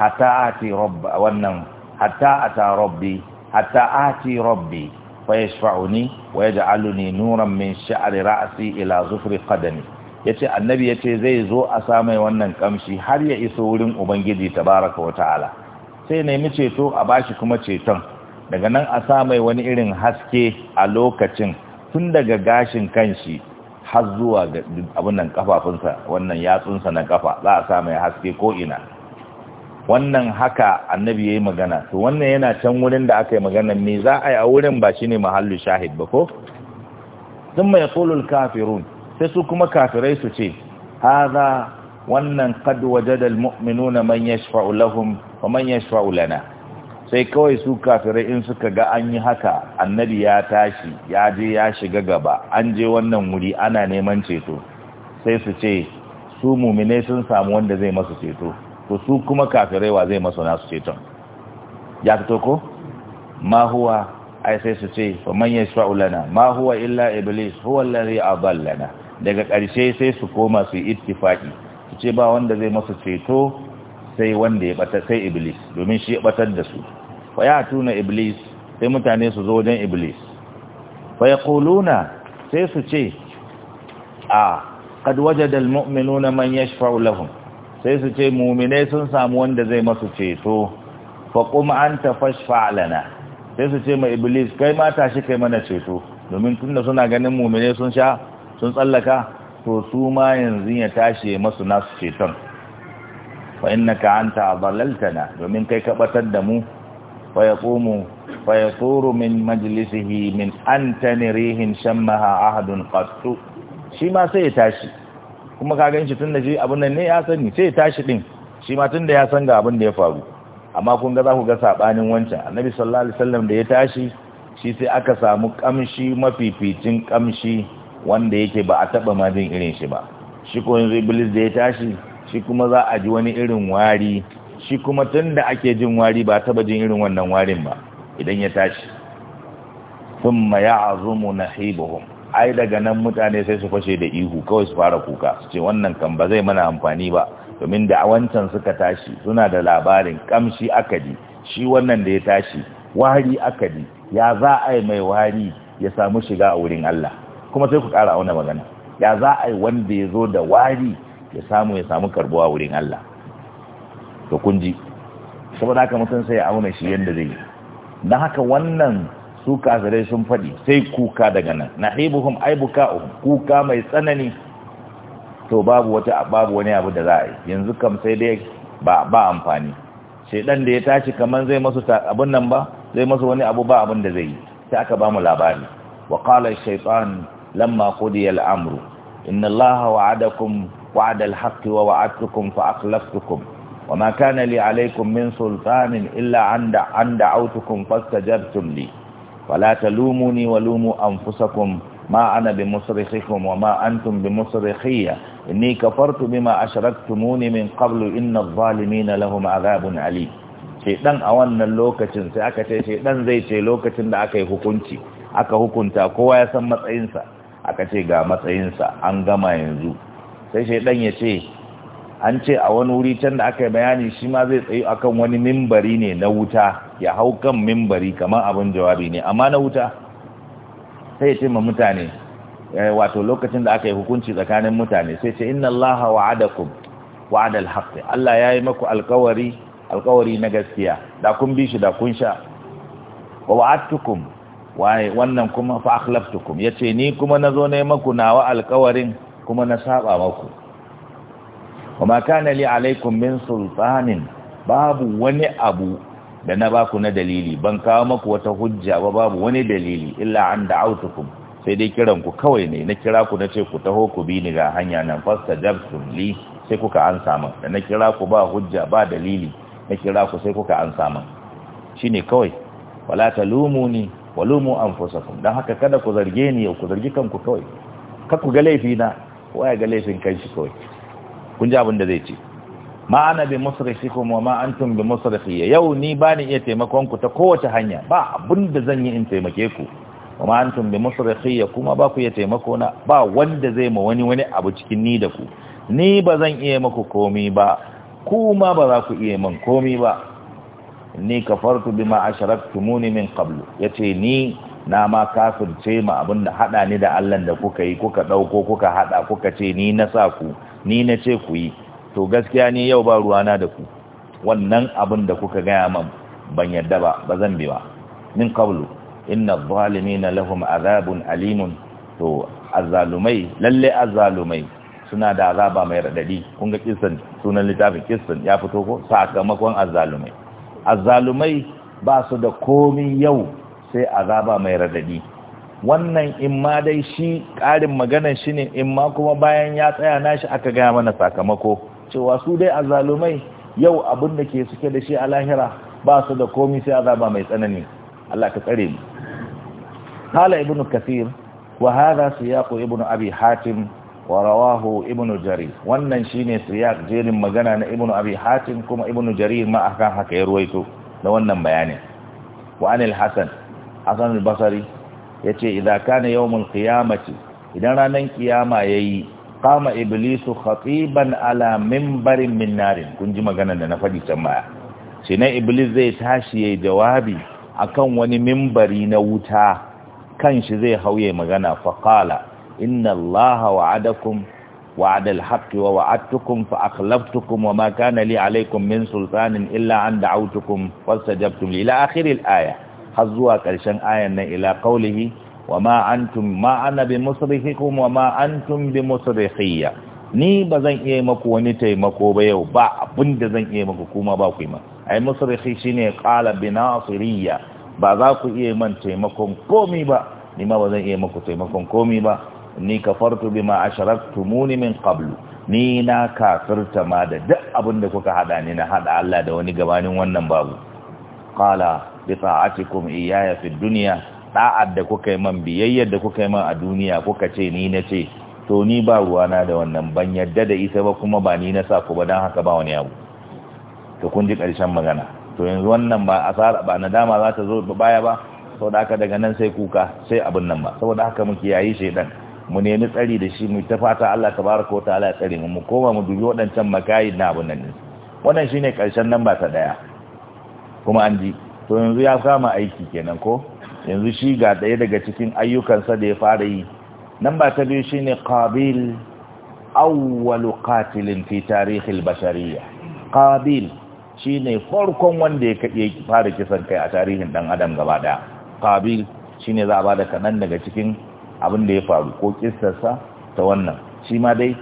hatta ati rabb wannan hatta ata rabbi hatta ati rabbi fa yashfa'uni wa yaj'aluni nuran min sha'ri ra'si ila zufri qadami ya ce annabi ya ce zai zo a samai wannan kamshi har ya iso wurin ubangiji ta baraka wa ta'ala sai nemi ceto a bashi kuma ceton daga nan a samai wani irin haske a lokacin tun daga gashin kanshi har zuwa ga abunan kafafunsa wannan yatsunsa na kafa za a samai haske ko ina wannan haka annabi ya yi magana to wannan yana can wurin da aka yi magana me za a yi a wurin ba shi ne mahallu shahid ba ko sun mai kulul kafirun sai su kuma kafirai su ce haza wannan qad wajada almu'minuna man yashfa'u lahum wa man yashfa'u lana sai kawai su kafirai in suka ga an yi haka annabi ya tashi ya je ya shiga gaba an je wannan wuri ana neman ceto sai su ce su mumine sun samu wanda zai masu ceto to su kuma kafirai wa zai masu nasu ceton ya fito ko ma huwa ai sai su ce fa man yashfa'u lana ma huwa illa iblis huwa alladhi adallana daga ƙarshe sai su koma su ittifaki su ce ba wanda zai masa ceto sai wanda ya bata sai iblis domin shi ya batar da su fa ya tuna iblis sai mutane su zo wajen iblis fa yaquluna sai su ce a qad wajada almu'minuna man yashfa'u lahum sai su ce mu'mine sun samu wanda zai masu ceto fa qum anta fashfa' lana sai su ce ma iblis kai ma tashi kai mana ceto domin tunda suna ganin mu'mine sun sha sun tsallaka to su ma yanzu ya tashi masu nasu ceton fa innaka anta adallaltana domin kai ka batar da mu fa yaqumu fa yasuru min majlisihi min antani rihin shammaha ahadun qattu shi ma sai ya tashi kuma ka ganshi tun da shi abin nan ne ya sani sai ya tashi din shi ma tun da ya san ga abin da ya faru amma kun ga za ku ga sabanin wancan annabi sallallahu alaihi wasallam da ya tashi shi sai aka samu kamshi mafificin kamshi wanda yake ba a taba ma jin irin shi ba shi ko yanzu iblis da ya tashi shi kuma za a ji wani irin wari shi kuma tunda ake jin wari ba a taba jin irin wannan warin ba idan ya tashi thumma ya'zumu nahibuhum ai daga nan mutane sai su fashe da ihu kawai su fara kuka su ce wannan kan ba zai mana amfani ba domin da wancan suka tashi suna da labarin kamshi akadi shi wannan da ya tashi wari akadi ya za a yi mai wari ya samu shiga a wurin Allah kuma sai ku ƙara auna magana ya za a yi wanda ya zo da wari ya samu ya samu karbuwa wurin Allah to kun ji saboda haka mutum sai ya auna shi yadda zai yi don haka wannan su kafirai sun faɗi sai kuka daga nan na haibuhum aibuka kuka mai tsanani to babu wata babu wani abu da za a yi yanzu kam sai dai ba ba amfani shaiɗan da ya tashi kaman zai masu abun nan ba zai masu wani abu ba abun da zai yi sai aka ba mu labari wa qala shaytan لما قضي الأمر إن الله وعدكم وعد الحق ووعدتكم فأخلفتكم وما كان لي عليكم من سلطان إلا أن دعوتكم فاستجبتم لي فلا تلوموني ولوموا أنفسكم ما أنا بمصرخكم وما أنتم بمصرخي إني كفرت بما أشركتموني من قبل إن الظالمين لهم عذاب أليم shedan a wannan lokacin sai aka ce shedan zai ce lokacin da aka yi hukunci aka hukunta kowa ya san matsayinsa aka ce ga matsayinsa an gama yanzu sai shaidan ya ce an ce a wani wuri can da aka yi bayani shi ma zai tsayi akan wani mimbari ne na wuta ya hau kan mimbari kamar abin jawabi ne amma na wuta sai ce ma mutane eh, wato lokacin da aka yi hukunci tsakanin mutane sai ce inna allaha wa'adakum wa'adal haqqi Allah ya yi maku alƙawari alƙawari na gaskiya da kun bi shi da kun sha wa wa'adtukum waye wannan kuma fa akhlaftukum yace ni kuma nazo ne maku nawa alkawarin kuma na saba maku kuma kana li alaikum min sultanin babu wani abu da na baku na dalili ban kawo maku wata hujja ba babu wani dalili illa an da'awtukum sai dai kiran ku kawai ne na kira ku na ce ku taho ku bi ni ga hanya nan fastajabtum li sai kuka ansa min da na kira ku ba hujja ba dalili na kira ku sai kuka ansa min shine kawai wala talumuni walumu anfusakum dan haka kada ku zarge ni ku zargi kanku kawai ka ku ga laifi na waya ga laifin shi kai kun ji abin da zai ce ma ana bi musrifikum wa ma antum bi musrifi yau ni bani iya taimakon ku ta kowace hanya ba abin zan yi in taimake ku wa ma antum bi musrifi kuma ba ku iya taimako na ba wanda zai ma wani wani abu cikin ni da ku ni ba zan iya maku komi ba kuma ba za ku iya min komi ba ni kafartu bima asharaktumuni min qablu yace ni na ma ce ma abin da hada ni da Allah da kuka yi kuka dauko kuka hada kuka ce ni na sa ku ni na ce ku yi to gaskiya ni yau ba ruwana da ku wannan abin da kuka gaya man ban yadda ba ba zan bi ba min qablu inna adh-dhalimina lahum adhabun alimun to azzalumai lalle azzalumai suna da azaba mai radadi kun ga kisan sunan littafin kisan ya fito ko sakamakon azzalumai azzalumai ba su da komi yau sai azaba mai radadi wannan in ma dai shi ƙarin maganar shi ne in ma kuma bayan ya tsaya nashi aka gaya mana sakamako cewa su dai azzalumai yau abin da ke suke da shi a lahira ba su da komi sai azaba mai tsanani Allah ka tsare mu hala ibnu kathir wa hadha siyaqu ibnu abi hatim warawahu ibnu jarir wannan shine siya jerin magana na ibnu abi hatim kuma ibnu jarir ma akan haka ya ruwaito da wannan bayanin wa anil hasan hasan al-basri yace idza kana yawmul qiyamati idan ranan kiyama yayi qama iblis khatiban ala minbarin min narin kun ji da na fadi can baya sai na iblis zai tashi yayi jawabi akan wani minbari na wuta kanshi zai hauye magana faqala inna allaha wa'adakum wa'ada alhaqqi wa wa'adtukum fa akhlaftukum wa ma kana li alaykum min sultanin illa an da'awtukum fastajabtum ila akhir har zuwa karshen ayan nan ila qawlihi wa ma antum ma ana bimusrihikum wa ma antum bimusrihiyya ni bazan iya maku wani taimako ba yau ba abinda zan iya maku kuma ba ku ma ai musrihi shine qala binasiriyya ba za ku iya man taimakon komai ba ni ma bazan iya maku taimakon komai ba ni kafartu bima ashraktumuni min qablu ni na kafirta ma da duk abin da kuka hada ni na hada Allah da wani gabanin wannan babu qala bi ta'atikum iyaya fi dunya da'ad da kuka yi man biyayyar da kuka yi man a duniya kuka ce ni na ce to ni ba ruwana da wannan ban yadda da ita ba kuma ba ni na sa ku ba dan haka ba wani abu to kun ji karshen magana to yanzu wannan ba asara ba nadama za ta zo baya ba saboda haka daga nan sai kuka sai abin nan ba saboda haka muke yayi shedan mu nemi tsari da shi mu ta fata Allah tabaraka wa ta'ala ya tsare mu mu koma mu dubi waɗancan makayin na abun nan wannan shine karshen nan ba ta daya kuma an ji to yanzu ya kama aiki kenan ko yanzu shi ga daya daga cikin ayyukansa da ya fara yi nan ta biyu shine qabil awwal qatilin fi al bashariyya qabil shine farkon wanda ya fara kisan kai a tarihin dan adam gaba daya qabil shine za a bada kaɗan daga cikin abin da ya faru ko kistarsa ta wannan shi ma dai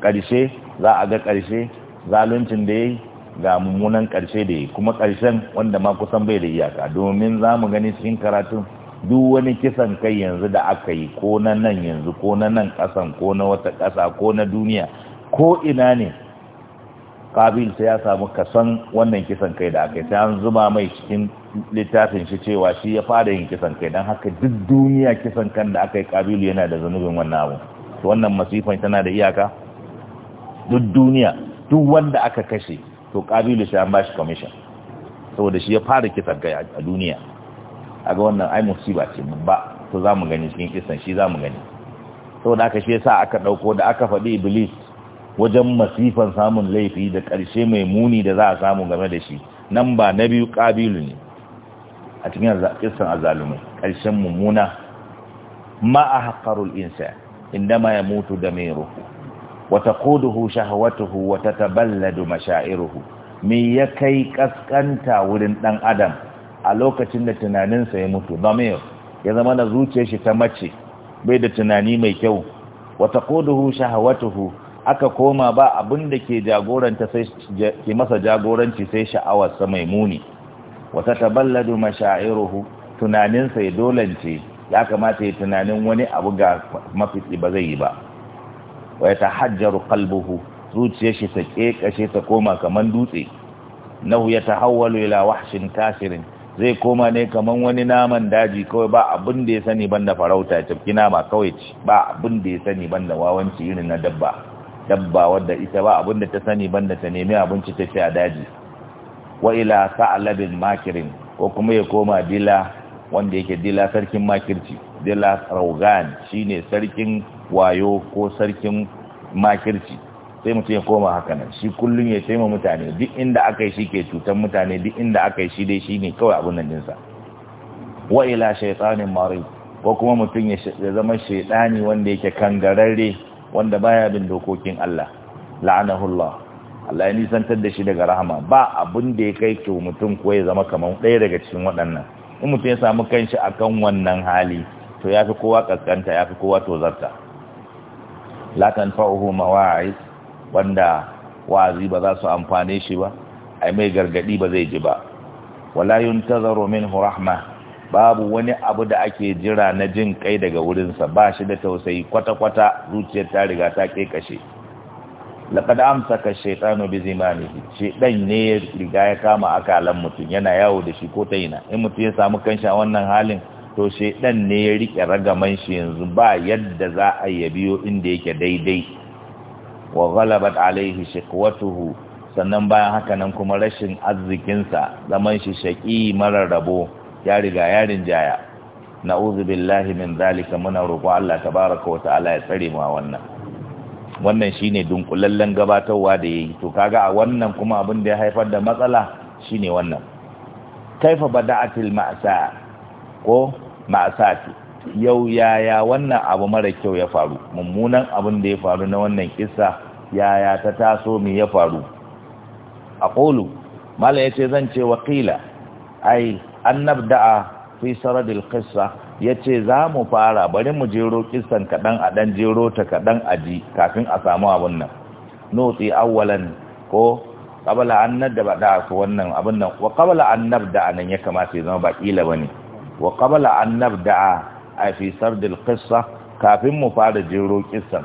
karshe za a ga ƙarshe zaluncin da ya yi ga mummunan karshe da ya kuma karshen wanda ma kusan bai da iyaka domin za mu gani cikin karatun duk wani kisan kai yanzu da aka yi ko na nan yanzu ko na nan ƙasan ko na wata ƙasa ko na duniya ko ina ne kabil sai ya samu kasan wannan kisan kai da aka yi sai an zuba mai cikin littafin shi cewa shi ya fara yin kisan kai don haka duk duniya kisan kan da aka yi kabilu yana da zanubin wannan abu to wannan masifan tana da iyaka duk duniya duk wanda aka kashe to kabilu shi an ba shi commission saboda shi ya fara kisan kai a duniya a ga wannan ai musiba ce ba, to za mu gani cikin kisan shi za mu gani saboda aka shi yasa aka ɗauko da aka faɗi iblis wajen masifan samun laifi da ƙarshe mai muni da za a samu game da shi nan ba na biyu ƙabilu ne a cikin kisan azalumi ƙarshen mummuna ma a haƙarul insa inda ma ya mutu da mai ruhu wata kuduhu shahawatuhu wata taballadu masha'iruhu me ya kai ƙasƙanta wurin ɗan adam a lokacin da tunaninsa ya mutu mai ya zama da zuciyar shi ta mace bai da tunani mai kyau wata kuduhu shahawatuhu aka koma ba abin da ke ke masa jagoranci sai sha'awarsa mai muni wata taballadu mashairuhu tunaninsa ya dolance ya kamata ya tunanin wani abu ga mafitsi ba zai yi ba wa ya tahajjaru qalbuhu zuciyar shi ta kekashe ta koma kaman dutse nahu ya tahawwalu ila wahshin kasirin zai koma ne kamar wani naman daji kawai ba abin da ya sani banda farauta tafki nama kawai ci ba abin da ya sani banda wawanci irin na dabba dabba wadda ita ba abin da ta sani banda ta nemi abinci ta ci a daji wa ila sa'labin makirin ko kuma ya koma dila wanda yake dila sarkin makirci dila raugan shine sarkin wayo ko sarkin makirci sai mutum ya koma haka nan shi kullum ya taimaka mutane duk inda aka yi shi ke cutar mutane duk inda aka yi shi dai shi ne kawai abin nan dinsa wa ila shaitanin mari ko kuma mutum ya zama shaitani wanda yake kangararre wanda baya bin dokokin Allah la'anahullah Allah ya nisantar da shi daga rahama ba abun da ya kai ki mutum ko ya zama kamar ɗaya daga cikin waɗannan in mutum ya samu kanshi akan wannan hali to ya fi kowa kaskanta ya fi kowa tozarta la fa'uhu mawa'i wanda wa'azi ba za su amfane shi ba ai mai gargadi ba zai ji ba wala yuntazaru minhu rahma babu wani abu da ake jira na jin kai daga wurinsa ba shi da tausayi kwata-kwata zuciyar ta riga ta kashe. laqad amsaka ka shaytanu bi zimanihi shaytan ne ya riga ya kama akalan mutum yana yawo da shi ko ta ina in mutum ya samu kanshi a wannan halin to shaiɗan ne ya rike ragaman shi yanzu ba yadda za a yi biyo inda yake daidai wa ghalabat alaihi shiqwatuhu sannan bayan haka nan kuma rashin arzikinsa zaman shi shaqi marar rabo ya riga yarin jaya na'udzu billahi min zalika muna roƙo Allah tabaraka wa ta'ala ya tsare mu a wannan wannan shi ne dunkulallen gabatarwa da ya yi, to kaga a wannan kuma abin da ya haifar da matsala shi ne wannan kaifa bada'atil ma'asa ko ma'asa ce yau yaya wannan abu mara kyau ya faru mummunan abin da ya faru na wannan kisa, yaya ta taso mai ya faru A aqulu mala ce zan ce Wakila. ai an nabda'a fi saradil qissa yace za mu fara bari mu jero kissan kadan a dan jero ta kadan aji kafin a samu abun nan nuti awwalan ko qabla an nadba da ku wannan abun nan wa qabla an nabda nan ya kamata ya zama ba kila bane wa qabla an nabda a fi saradil qissa kafin mu fara jero kissan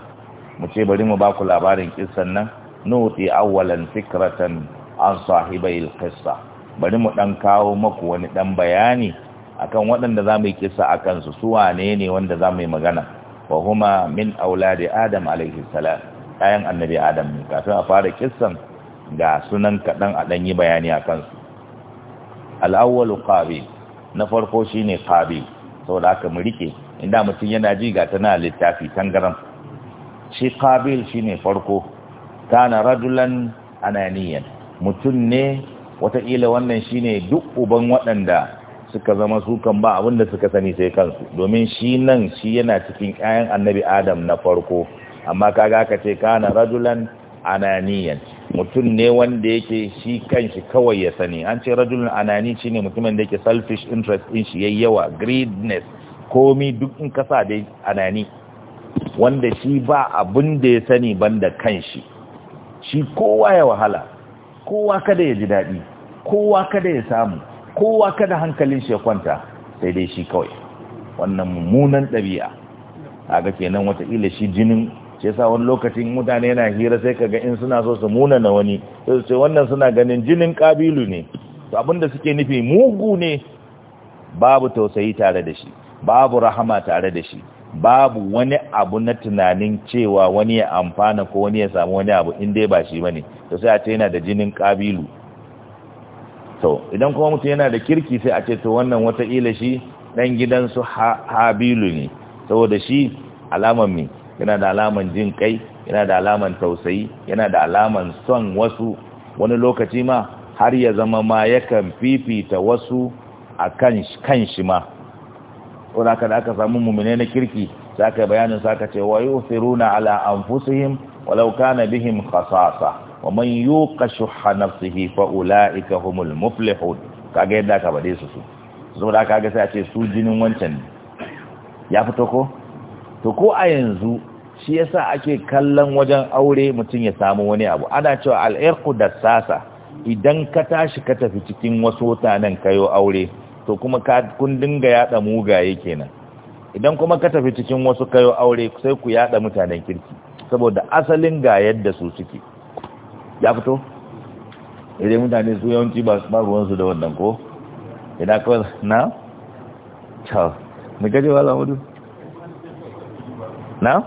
mu ce bari mu ba ku labarin kissan nan nuti awwalan fikratan an sahibai al-qissa bari mu dan kawo maku wani dan bayani akan waɗanda za mu yi kisa a kansu su wane ne wanda za mu yi magana wa huma min da adam alaihi salam ɗayan annabi adam ne kafin a fara kisan ga sunan kaɗan a ɗanyi bayani a kansu al'awwalu Qabi na farko shi shine sau saboda aka mu rike inda mutum yana ji ga tana littafi tangaram shi qabil ne farko kana radulan ananiyan mutum ne wataƙila wannan shine duk uban waɗanda suka zama su kan ba abin da suka sani sai kansu domin shi nan shi yana cikin ƴaƴan annabi adam na farko amma kaga aka ce kana rajulan ananiyan mutum ne wanda yake shi kanshi kawai ya sani an ce rajulan anani shine mutumin da yake selfish interest din shi yayyawa greediness komi duk in kasa da anani wanda shi ba abin da ya sani banda kanshi shi kowa ya wahala kowa kada ya ji daɗi kowa kada ya samu kowa kada hankalin shi ya kwanta sai dai shi kawai wannan mummunan ɗabi'a ga kenan wataƙila shi jinin sai yasa wani lokacin mutane yana hira sai ka ga in suna so su muna na wani sai su ce wannan suna ganin jinin kabilu ne to abinda suke nufi mugu ne babu tausayi tare da shi babu rahama tare da shi babu wani abu na tunanin cewa wani ya amfana ko wani ya samu wani abu in dai ba shi bane to sai a ce yana da jinin kabilu to idan kuma mutum yana da kirki sai a ce to wannan wataƙila shi ɗan su habilu ne saboda shi alaman mi yana da alaman jin kai yana da alaman tausayi yana da alaman son wasu wani lokaci ma har ya zama ma yakan fifita wasu a kan shi ma wadda da aka samu mummune na kirki za ka bayanin sa ka ce wa siruna ala anfusihim walau kana bihim khasasa wa man yuqa shuhha nafsihi fa ulaika humul muflihun yadda ka bade su su saboda kage sai a ce su jinin wancan ya fito ko to ko a yanzu shi yasa ake kallon wajen aure mutum ya samu wani abu ana cewa al'irku da sasa idan ka tashi ka tafi cikin wasu mutanen kayo aure to kuma ka kun dinga yada mugaye kenan idan kuma ka tafi cikin wasu kayo aure sai ku yada mutanen kirki saboda asalin ga yadda su suke ya fito idan mutane su yawanci ba ruwansu da wannan ko idan kawai na ciao mai gaji wa lamudu na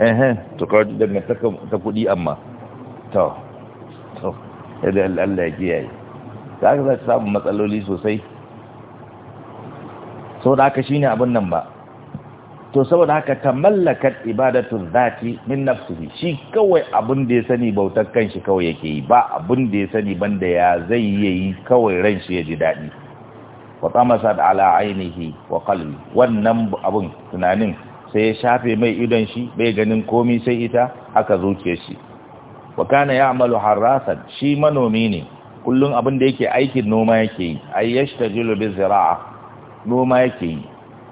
ehen to kawai dangantaka ta kudi amma to to idan allah ya kiyaye za ka za samun matsaloli sosai sau da aka shi ne abin nan ba to saboda haka ta mallakar ibadatun zati min nafsihi shi kawai abin da ya sani bautar kanshi kawai yake yi ba abin da ya sani banda ya zai yi kawai ran shi ya ji dadi wa da ala ainihi wa qalbi wannan abun tunanin sai ya shafe mai idon shi bai ganin komai sai ita aka zuke shi wa kana ya'malu harasan shi manomi ne kullum abin da yake aikin noma yake yi ay yashtajilu bi zira'a noma yake yi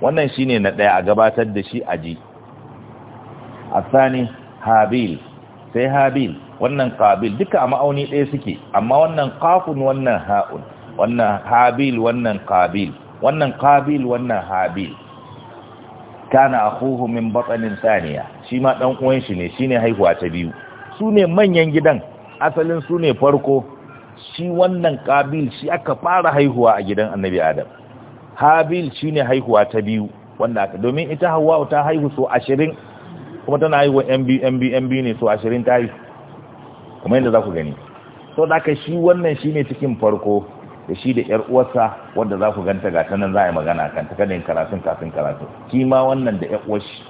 wannan shi ne na ɗaya a gabatar da shi a aji asani habil sai habil wannan kabil duka a ma'auni ɗaya suke amma wannan kafin wannan ha'un wannan habil wannan kabil wannan kabil wannan habil kana akhuhu min batsanin saniya shi ma ɗan uwan shi ne ne haihuwa ta biyu su ne manyan gidan asalin su ne farko shi wannan kabil shi aka fara haihuwa a gidan annabi adam habil shine haihuwa ta biyu wanda aka domin ita hawa ta haihu so ashirin kuma tana haihuwa mbmb biyu ne so ashirin ta haihu kuma yadda za ku gani so da aka shi wannan shine cikin farko da shi da yar uwarsa wanda za ku ganta ga ta nan za a yi magana kan ta kada yin karatun kafin karatu shi ma wannan da yar uwarshi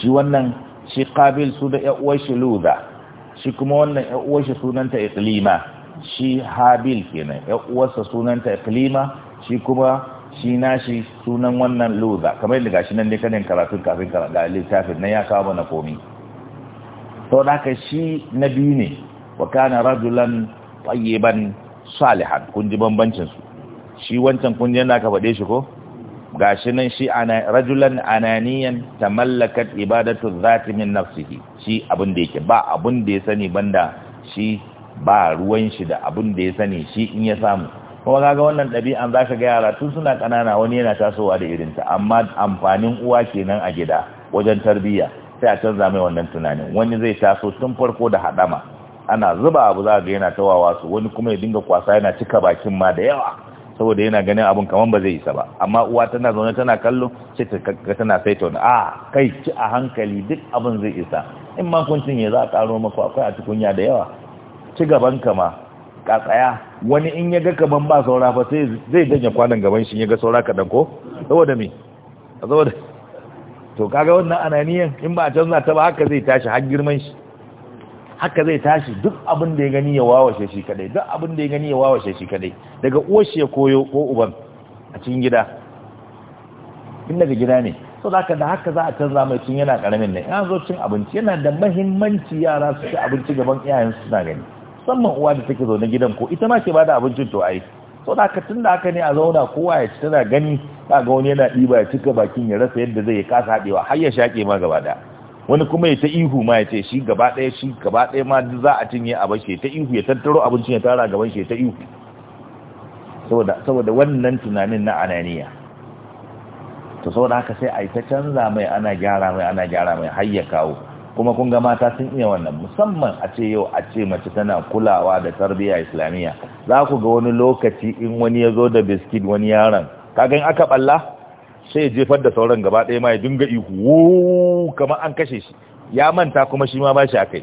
shi wannan shi qabil su da yar uwarshi shi luda shi kuma wannan yar uwarshi sunanta iklima shi habil kenan yar uwarsa sunanta iklima shi kuma shi nashi sunan wannan loza kamar yadda gashi nan dai kanin karatun kafin ga littafin nan ya kawo mana komi to da haka shi na biyu ne wa kana rajulan tayyiban salihan kun ji bambancin su shi wancan kun ji yadda faɗe shi ko gashi nan shi ana rajulan ananiyan tamallakat ibadatu zati min nafsihi shi abin da yake ba abin da ya sani banda shi ba ruwan shi da abin da ya sani shi in ya samu kuma kaga wannan ɗabi'an za ka ga yara tun suna ƙanana wani yana tasowa da irinta amma amfanin uwa kenan a gida wajen tarbiyya sai a canza mai wannan tunanin wani zai taso tun farko da haɗama ana zuba abu za ga yana tawawa su wani kuma ya dinga kwasa yana cika bakin ma da yawa saboda yana ganin abun kamar ba zai isa ba amma uwa tana zaune tana kallo ce ta tana saita wani a ah, kai ci a hankali duk abin zai isa in ma kun cinye za a karo maku akwai a tukunya da yawa ci gaban ka ma ka tsaya wani in ya ga kaman ba saura fa sai zai danya kwanan gaban shi ya ga saura kaɗan ko saboda me saboda to kaga wannan ananiyan in ba a canza ta ba haka zai tashi har girman shi haka zai tashi duk abin da ya gani ya wawashe shi kadai duk abin da ya gani ya wawashe shi kadai daga uwashi ya koyo ko uban a cikin gida in daga gida ne so da da haka za a canza mai tun yana karamin ne yana zo cin abinci yana da mahimmanci yara su ci abinci gaban iyayen su na gani musamman uwa da take zaune gidan ko ita ma ke bada abincin to ai so da ka tunda haka ne a zauna kowa ya ci tana gani ba ga wani yana diba ya cika bakin ya rasa yadda zai kasa haɗewa har ya shaƙe ma gaba ɗaya wani kuma ya ta ihu ma ya ce shi gaba ɗaya shi gaba ɗaya ma za a cinye a bashi ta ihu ya tattaro abincin ya tara gaban shi ta ihu saboda saboda wannan tunanin na ananiya to saboda haka sai a yi ta canza mai ana gyara mai ana gyara mai har ya kawo kuma kun ga mata sun iya wannan musamman a ce yau a ce mace tana kulawa da tarbiyya islamiyya za ku ga wani lokaci in wani ya zo da biskit wani yaron kagan aka balla sai ya jefar da sauran gaba ɗaya ma ya dinga ihu kamar an kashe shi ya manta kuma shi ma ba shi akai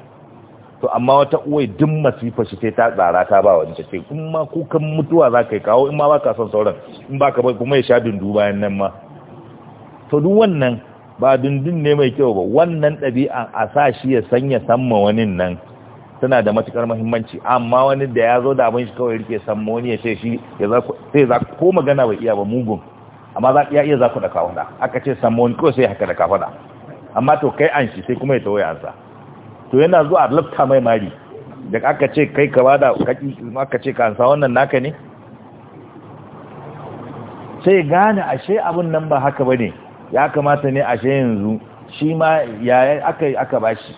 to amma wata uwai duk masifa shi sai ta tsara ta ba wani ce in ma kukan mutuwa za ka yi kawo in ma ba ka son sauran in ba ka bai kuma ya sha dundu bayan nan ma to duk wannan ba dundun ne mai kyau ba wannan ɗabi'a a sa shi ya sanya samma wani nan suna da matukar muhimmanci amma wani da ya zo da abin shi kawai rike samma wani ya ce shi sai za ko magana bai iya ba mugun amma za ya iya za ku da kafada aka ce samma wani kawai sai haka da kafada amma to kai an shi sai kuma ya tawo ya ansa to yana zuwa lafta mai mari da aka ce kai ka bada kaki aka ce ka ansa wannan naka ne sai gane ashe abun nan ba haka bane ya kamata ne ashe yanzu shi ma yayin aka aka bashi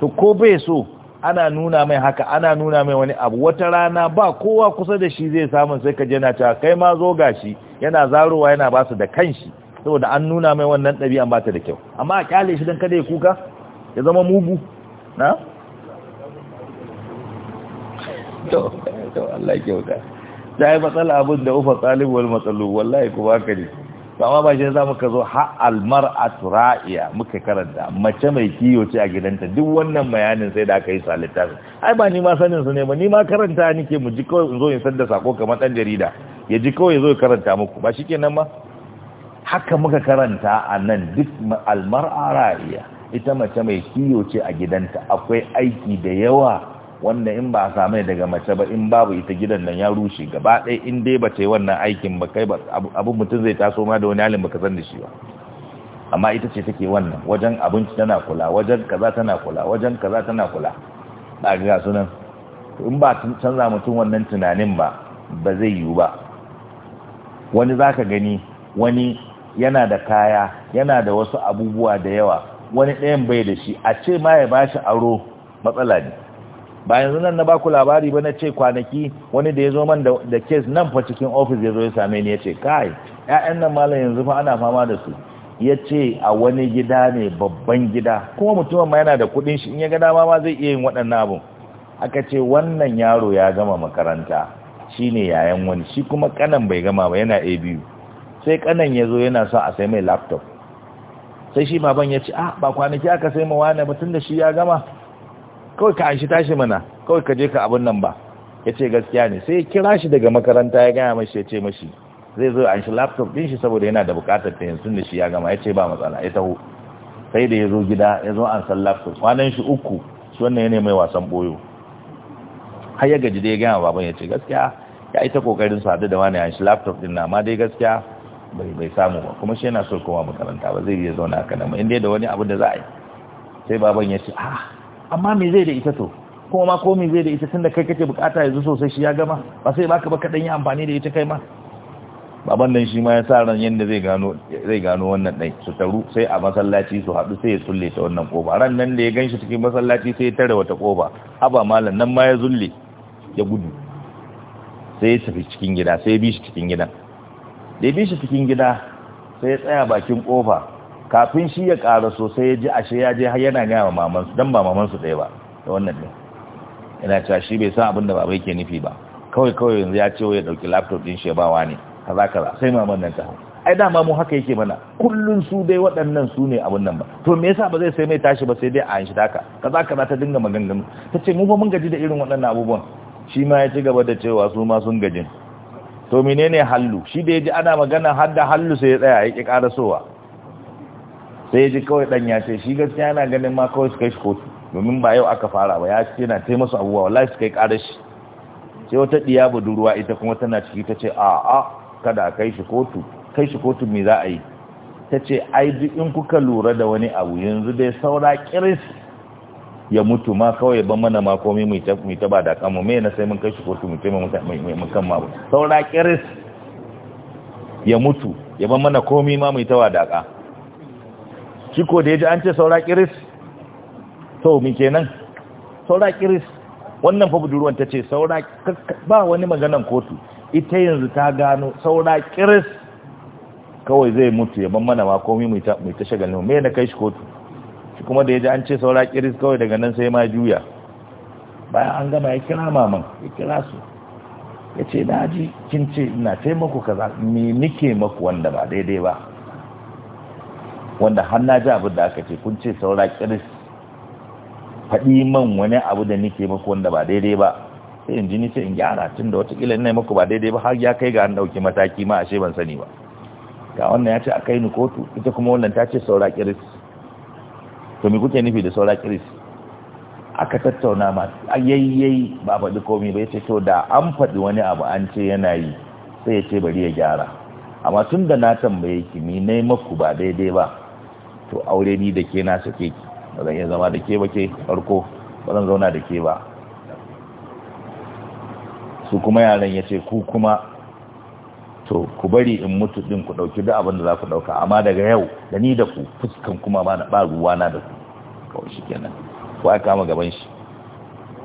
to ko bai so ana nuna mai haka ana nuna mai wani abu wata rana ba kowa kusa da shi zai samun sai ka jana ta kai ma zo gashi yana zarowa yana ba su da kanshi saboda an nuna mai wannan ɗabi'an ba ta da kyau amma a kyale shi don kada ya kuka ya zama mugu na? to Allah kyauta ta yi matsala abin da ufa tsalibuwar matsalu wallahi ku ka ne to amma ba shi yasa muka zo ha almar'atu ra'iya muka karanta mace mai kiyo ce a gidanta duk wannan bayanin sai da aka yi sa littafin ai ba ni ma sanin su ne ba ni ma karanta ke mu ji kawai in zo in sanda sako kamar dan jarida ya ji kawai zo karanta muku ba shi kenan ma haka muka karanta a nan duk almar'a ra'iya ita mace mai kiyo ce a gidanta akwai aiki da yawa wanda in ba a same daga mace ba in babu ita gidan nan ya rushe gaba ɗaya in dai ba ce wannan aikin ba kai abin mutum zai taso ma da wani halin baka san da shi ba amma ita ce take wannan wajen abinci tana kula wajen kaza tana kula wajen kaza tana kula da ga sunan in ba canza mutum wannan tunanin ba ba zai yiwu ba wani zaka gani wani yana da kaya yana da wasu abubuwa da yawa wani ɗayan bai da shi a ce ma ya bashi aro matsala ne ba yanzu nan na baku labari ba na ce kwanaki wani da ya zo man da kes nan fa cikin ofis ya zo ya same ni ya ce kai Ya'yan nan malam yanzu fa ana fama da su ya ce a wani gida ne babban gida kuma mutumin ma yana da kuɗin shi in ya ga dama ma zai iya yin waɗannan abun aka ce wannan yaro ya gama makaranta shi ne yayan wani shi kuma kanan bai gama ba yana a biyu sai kanan ya zo yana son a sai mai laptop sai shi baban ya ce ah ba kwanaki aka sai mawa wani ba tun da shi ya gama kawai ka anshi tashi mana kawai ka je ka abin nan ba ya ce gaskiya ne sai kira shi daga makaranta ya gaya mashi ya ce mashi zai zo anshi laptop din shi saboda yana da bukatar ta yanzu da shi ya gama ya ce ba matsala ya taho sai da ya zo gida ya zo an san laptop kwanan shi uku shi wannan yana mai wasan boyo har ya gaji da ya gaya baban ya ce gaskiya ya ita kokarin sadu da wani shi laptop din na amma dai gaskiya bai bai samu ba kuma shi yana so koma makaranta ba zai iya zauna haka nan in dai da wani abu da za a yi sai baban ya ce ah amma me zai da ita to kuma ma me zai da ita tunda kai kake bukata yanzu sosai shi ya gama ba sai baka ba kadan yi amfani da ita kai ma baban nan shi ma ya sa ran yanda zai gano zai gano wannan dai su taru sai a masallaci su haɗu sai ya tsulle ta wannan koba ran nan da ya ganshi cikin masallaci sai ya tare wata koba aba malam nan ma ya zulle ya gudu sai ya tafi cikin gida sai ya bi shi cikin gida da ya bi shi cikin gida sai ya tsaya bakin kofa kafin shi ya ƙara sosai ya ji ashe ya je yana gaya wa mamansu don ba mamansu ɗaya ba da wannan ne yana cewa shi bai san abin da baba yake nufi ba kawai kawai yanzu ya ce ya ɗauki laptop ɗin shi ba wani kaza kaza sai maman nan ta ai dama mu haka yake mana kullun su dai waɗannan su ne abin nan ba to me yasa ba zai sai mai tashi ba sai dai a shi taka kaza kaza ta dinga maganganu ta ce mu ba mun gaji da irin waɗannan abubuwan shi ma ya ci gaba da cewa su ma sun gajin to menene hallu shi da ya ji ana magana har da hallu sai ya tsaya ya ƙi ƙarasowa sai ji kawai dan ya ce shi gaskiya yana ganin ma kawai su yi shi kotu domin ba yau aka fara ba ya ce yana tai masu abubuwa wallahi suka yi ƙarar shi sai wata diya budurwa ita kuma tana ciki ta ce a a kada kai shi kotu kai shi kotu me za a yi ta ce ai duk in kuka lura da wani abu yanzu dai saura kiris ya mutu ma kawai ban mana ma komai mai ta mai ta da kanmu me na sai mun kai shi kotu mu taimaka mutane mai mun kan ma saura kiris ya mutu ya ban mana komai ma mai da wadaka shi ko da ya ji an ce saura kiris to mi kenan saura kiris wannan fa budurwan ta ce saura ba wani maganan kotu ita yanzu ta gano saura kiris kawai zai mutu ya ban mana ma komai mai ta ta shagalin me na kai shi kotu shi kuma da ya ji an ce saura kiris kawai daga nan sai ma juya bayan an gama ya kira maman ya kira su ya ce na kin ce ina taimako kaza me nike maku wanda ba daidai ba wanda har na ji abin da aka ce kun ce saura kiris faɗi man wani abu da nike muku wanda ba daidai ba sai in ji ni sai in gyara tun da watakila ina muku ba daidai ba har ya kai ga an ɗauki mataki ma ashe ban sani ba ga wannan ya ce a kai ni kotu ita kuma wannan ta ce saura kiris to me kuke nufi da saura kiris aka tattauna ma ayyayyai ba faɗi komai ba ya ce to da an faɗi wani abu an ce yana yi sai ya ce bari ya gyara amma tun da na tambaye ki ni nai maku ba daidai ba to aure ni da ke na sake ki ba zan iya zama da ke ba ke farko ba zan zauna da ke ba su kuma yaran ya ce ku kuma to ku bari in mutu din ku dauki duk abin da za ku dauka amma daga yau da ni da ku fuskan kuma ba na na da ku kawai shi kenan ku aka kama gaban shi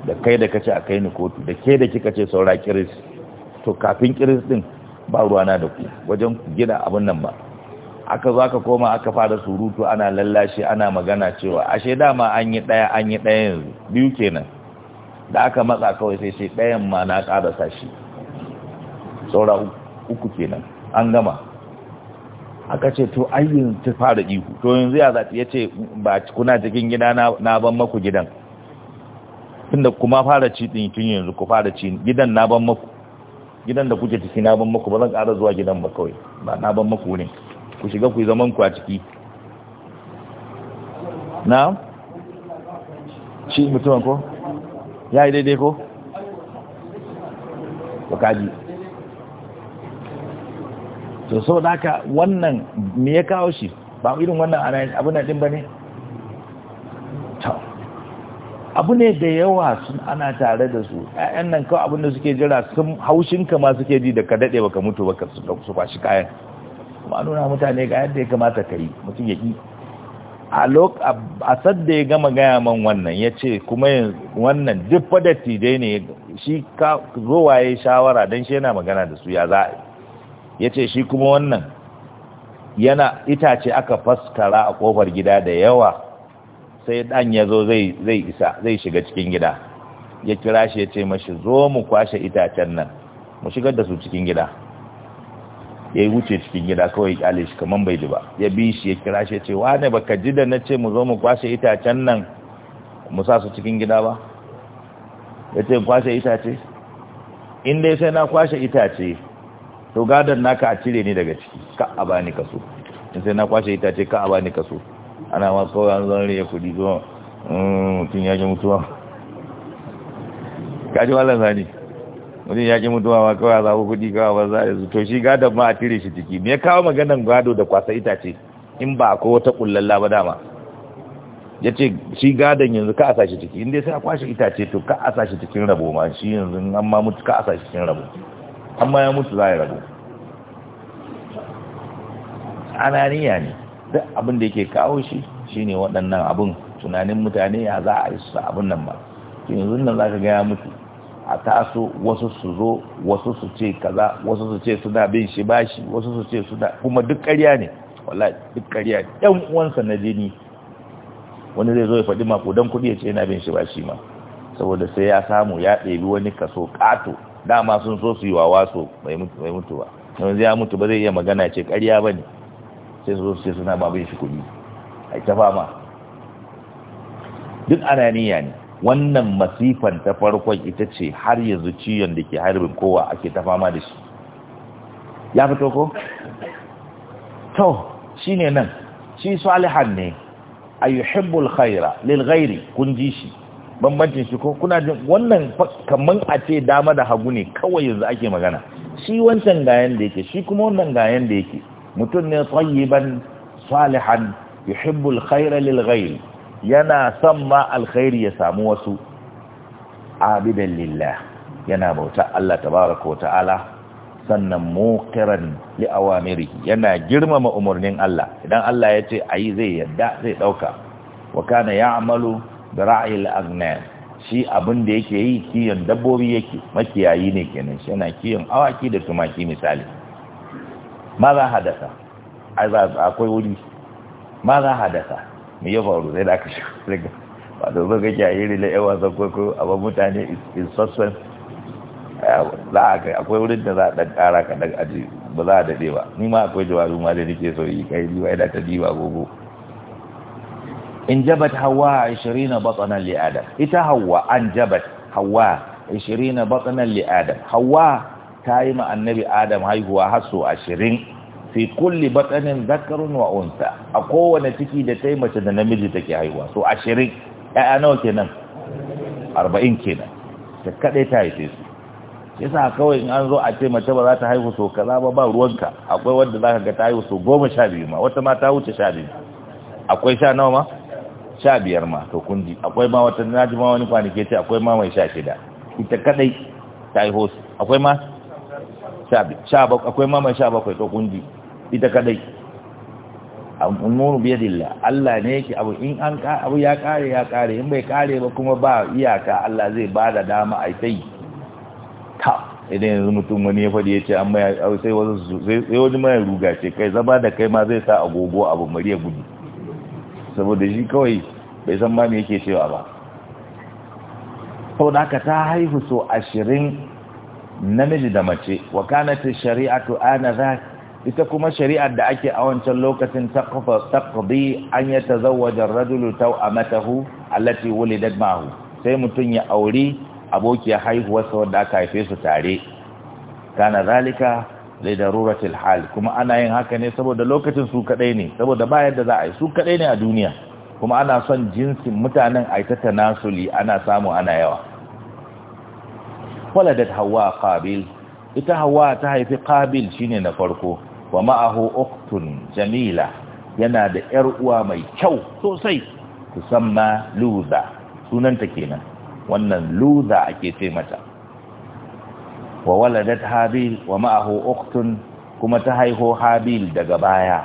da kai da kace a kai ni kotu da ke da kika ce saura kiris to kafin kiris din ba ruwana da ku wajen gina abin nan ba aka zo aka koma aka fara surutu ana lallashi ana magana cewa ashe dama an yi ɗaya an yi ɗaya yanzu biyu kenan da aka matsa kawai sai sai ɗayan ma na ƙarasa shi saura uku kenan an gama aka ce to ayyun ta fara ihu to yanzu ya zaɓi ya ce ba kuna cikin gida na ban maku gidan tunda kuma fara ci ɗin tun yanzu ku fara ci gidan na ban maku gidan da kuke ciki na ban maku ba zan ƙara zuwa gidan ba kawai ba na ban maku ne ku shiga ku yi zaman ku a ciki na shi mutumin ko ya yi daidai ko Wakaji. to so da haka wannan me ya kawo shi ba irin wannan abu na ɗin ba ne abu ne da yawa sun ana tare da su ƴaƴan nan kawai abin da suke jira sun haushinka ma suke ji da ka daɗe baka mutu baka su kwashi kayan kuma nuna mutane ga yadda ya kamata ka yi mutum ya yi a sadda ya gama gaya man wannan ya ce kuma wannan duk fadatti dai ne shi zo ya shawara don shi yana magana da su ya za ya ce shi kuma wannan yana itace aka faskara a kofar gida da yawa sai dan ya zo zai isa zai shiga cikin gida ya kira shi ya ce mashi zo mu kwashe itacen nan mu shigar da su cikin gida ya yi wuce cikin gida kawai kyale shi kaman bai ji ba ya bi shi ya kira shi ya ce wa ne baka ji da na ce mu zo mu kwashe itacen nan mu sa su cikin gida ba ya ce kwashe itace in dai sai na kwashe itace to gadon naka a cire ni daga ciki ka a bani kaso in sai na kwashe itace ka a bani kaso ana ma kawai an zan rage kudi zuwa hmm, mutum ya ji mutuwa Ka ji malam zani wani ya ƙi mutuwa ma kawai a zaɓi kuɗi kawai ba za a yi to shi gadon ma a cire shi ciki me kawo maganan gado da kwasa itace in ba ko wata ƙullalla ba dama ya ce shi gadon yanzu ka a sa shi ciki inda ya sai a kwashe itace to ka a sa shi cikin rabo ma shi yanzu an ma mutu ka a sa shi cikin rabo an ma ya mutu za a yi rabo ananiya ne duk abin da yake kawo shi shine waɗannan abin tunanin mutane ya za a yi su abin nan ba yanzu nan za ka gaya mutu a taso wasu su zo wasu su ce kaza wasu su ce suna bin shi bashi wasu su ce suna kuma duk ƙarya ne wallahi duk ƙarya ɗan uwansa na jini wani zai zo ya faɗi mako don kuɗi ya ce yana bin shi bashi ma saboda sai ya samu ya ɗebi wani kaso ƙato dama sun so su yi wa waso mai mutuwa yanzu ya mutu ba zai iya magana ce ƙarya ba ne sai su zo su ce suna bin shi kuɗi a ita fama duk ananiya ne wannan masifan ta farkon ita ce har yanzu ciyon da ke harbin kowa ake ta fama da shi ya fito ko? to shi ne nan shi salihan ne a yi hibbul khaira lilgairi kun ji shi bambancin shi ko kuna jin wannan kamar a ce dama da hagu ne kawai yanzu ake magana shi wancan gayan da yake shi kuma wannan gayan da yake mutum ne tsayiban salihan yuhibbul khaira lilgairi yana son ma alkhairi ya samu wasu abidan lillah yana bauta Allah tabaraka wata'ala sannan muqiran li awamirihi yana girmama umurnin Allah idan Allah ya ce ayi zai yadda zai dauka wa kana ya'malu bi ra'yil agnan shi abin da yake yi kiyon dabbobi yake makiyayi ne kenan shi yana kiyon awaki da tumaki misali ma za hadasa akwai wuri ma za hadasa mu yi faru sai da aka shiga ba da zo kake a iri yawa zan kwaikwayo a ban mutane in sassan za a kai akwai wurin da za a ɗan ƙara ka ɗan aji ba za a daɗe ba ni ma akwai jawabi ma da nake so yi kai ni yana ta diba gogo in jabat hawa na batsanan li'adar adam ita hawa an jabat hawa na batsanan li'adar adam hawa ta yi ma annabi adam haihuwa haso ashirin. fi kulli batanin zakarun wa unta a kowane ciki da ta mace da namiji take haihuwa so ashirin ƴaƴa nawa kenan arba'in kenan ta kaɗai ta haife su yasa kawai in an zo a ce mace ba za ta haihu so kaza ba ba ruwanka akwai wanda za ka ga ta haihu so goma sha biyu ma wata ma ta wuce sha biyu akwai sha nawa ma sha biyar ma to kunji akwai ma wata na ji ma wani kwanaki ce akwai ma mai sha shida ita kadai ta haihu akwai ma sha bakwai akwai ma mai sha bakwai to kunji ita kadai al'umuru biyadillah Allah ne yake abu in an ka abu ya kare ya kare in bai kare ba kuma ba iyaka Allah zai bada dama a sai ta idan yanzu mutum wani ya fadi ya ce an mai sai wasu sai wani mai ruga ce kai zaba da kai ma zai sa agogo abu mariya gudu saboda shi kawai bai san ma me yake cewa ba saboda haka ta haihu so ashirin namiji da mace wa kanat shari'atu za. ita kuma shari'ar da ake a wancan lokacin taqdi an yatazawwaja ar-rajulu tawamatahu allati wulidat ma'ahu sai mutum ya aure abokiyar haihuwarsa wanda aka haife su tare kana zalika li daruratil hal kuma ana yin haka ne saboda lokacin su kadai ne saboda ba yadda za a yi su kadai ne a duniya kuma ana son jinsin mutanen ta nasuli ana samu ana yawa waladat hawa qabil ita hawa ta haifi qabil shine na farko wa ma'ahu uktun jamila yana da yar uwa mai kyau sosai tusamma luza sunanta kenan wannan luza ake ce mata wa waladat habil wa ma'ahu uktun kuma ta haiho habil daga baya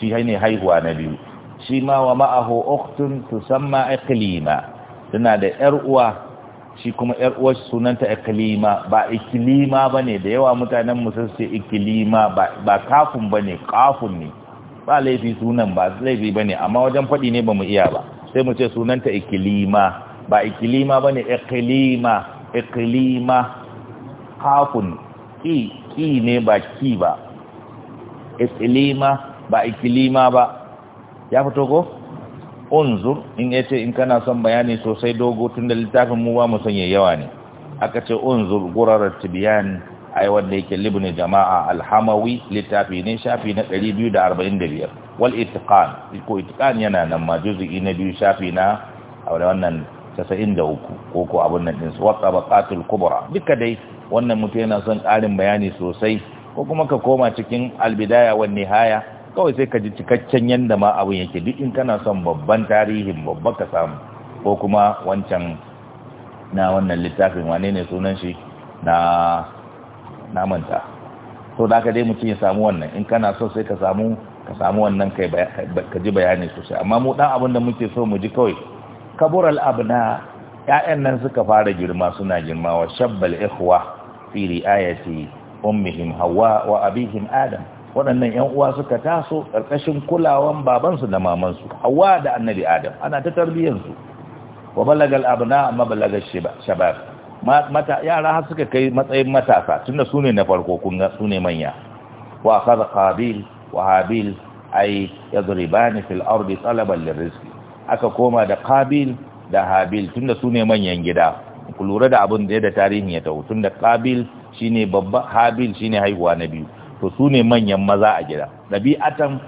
shi ne haihuwa na biyu shi ma wa ma'ahu uktun tusamma iqlima tana da yar uwa shi kuma yar uwar sunanta iklima ba iklima bane da yawa mutanen mu ikilima, iklima ba ba kafun bane kafun ne ba laifi sunan ba laifi bane amma wajen faɗi ne bamu iya ba sai mu ce sunanta iklima ba iklima bane iklima iklima kafun ki ki ne ba ki ba iklima ba iklima ba ya fito ko unzur in ya ce in kana son bayani sosai dogo tun da littafin mu ba mu yawa ne aka ce unzur gurarar tibiyan ai wanda yake libni jama'a alhamawi littafi ne shafi na 245 wal itiqan ko itiqan yana nan ma na biyu shafi na a wannan 93 ko ko abun nan din wa tabaqatul kubra duka dai wannan mutum yana son ƙarin bayani sosai ko kuma ka koma cikin albidaya wa nihaya kawai sai ka ji cikakken yadda ma abin yake duk in kana son babban tarihin babba ka samu ko kuma wancan na wannan littafin wane ne sunan shi na namanta so da aka dai mutum ya samu wannan in kana so sai ka samu ka samu wannan kai ka ji bayani sosai amma mu dan abin da muke so mu ji kawai abu na ƴaƴan nan suka fara girma suna girma wa shabbal ikhwa fi riayati ummihim hawa wa abihim adam waɗannan ‘yan uwa suka taso ƙarƙashin kulawan babansu da mamansu hawa da annabi adam ana ta tarbiyyarsu wa balagal abna amma balagal shabab mata yara har suka kai matsayin matasa tunda sune na farko kun ga sune manya wa akhadha qabil wa habil ay yadribani fil ardi talaban lirizqi aka koma da qabil da habil tunda sune manyan gida ku lura da abin da ya da tarihin ya tawo tunda qabil shine babba habil shine haihuwa na biyu to su ne manyan maza a gida ɗabi'atan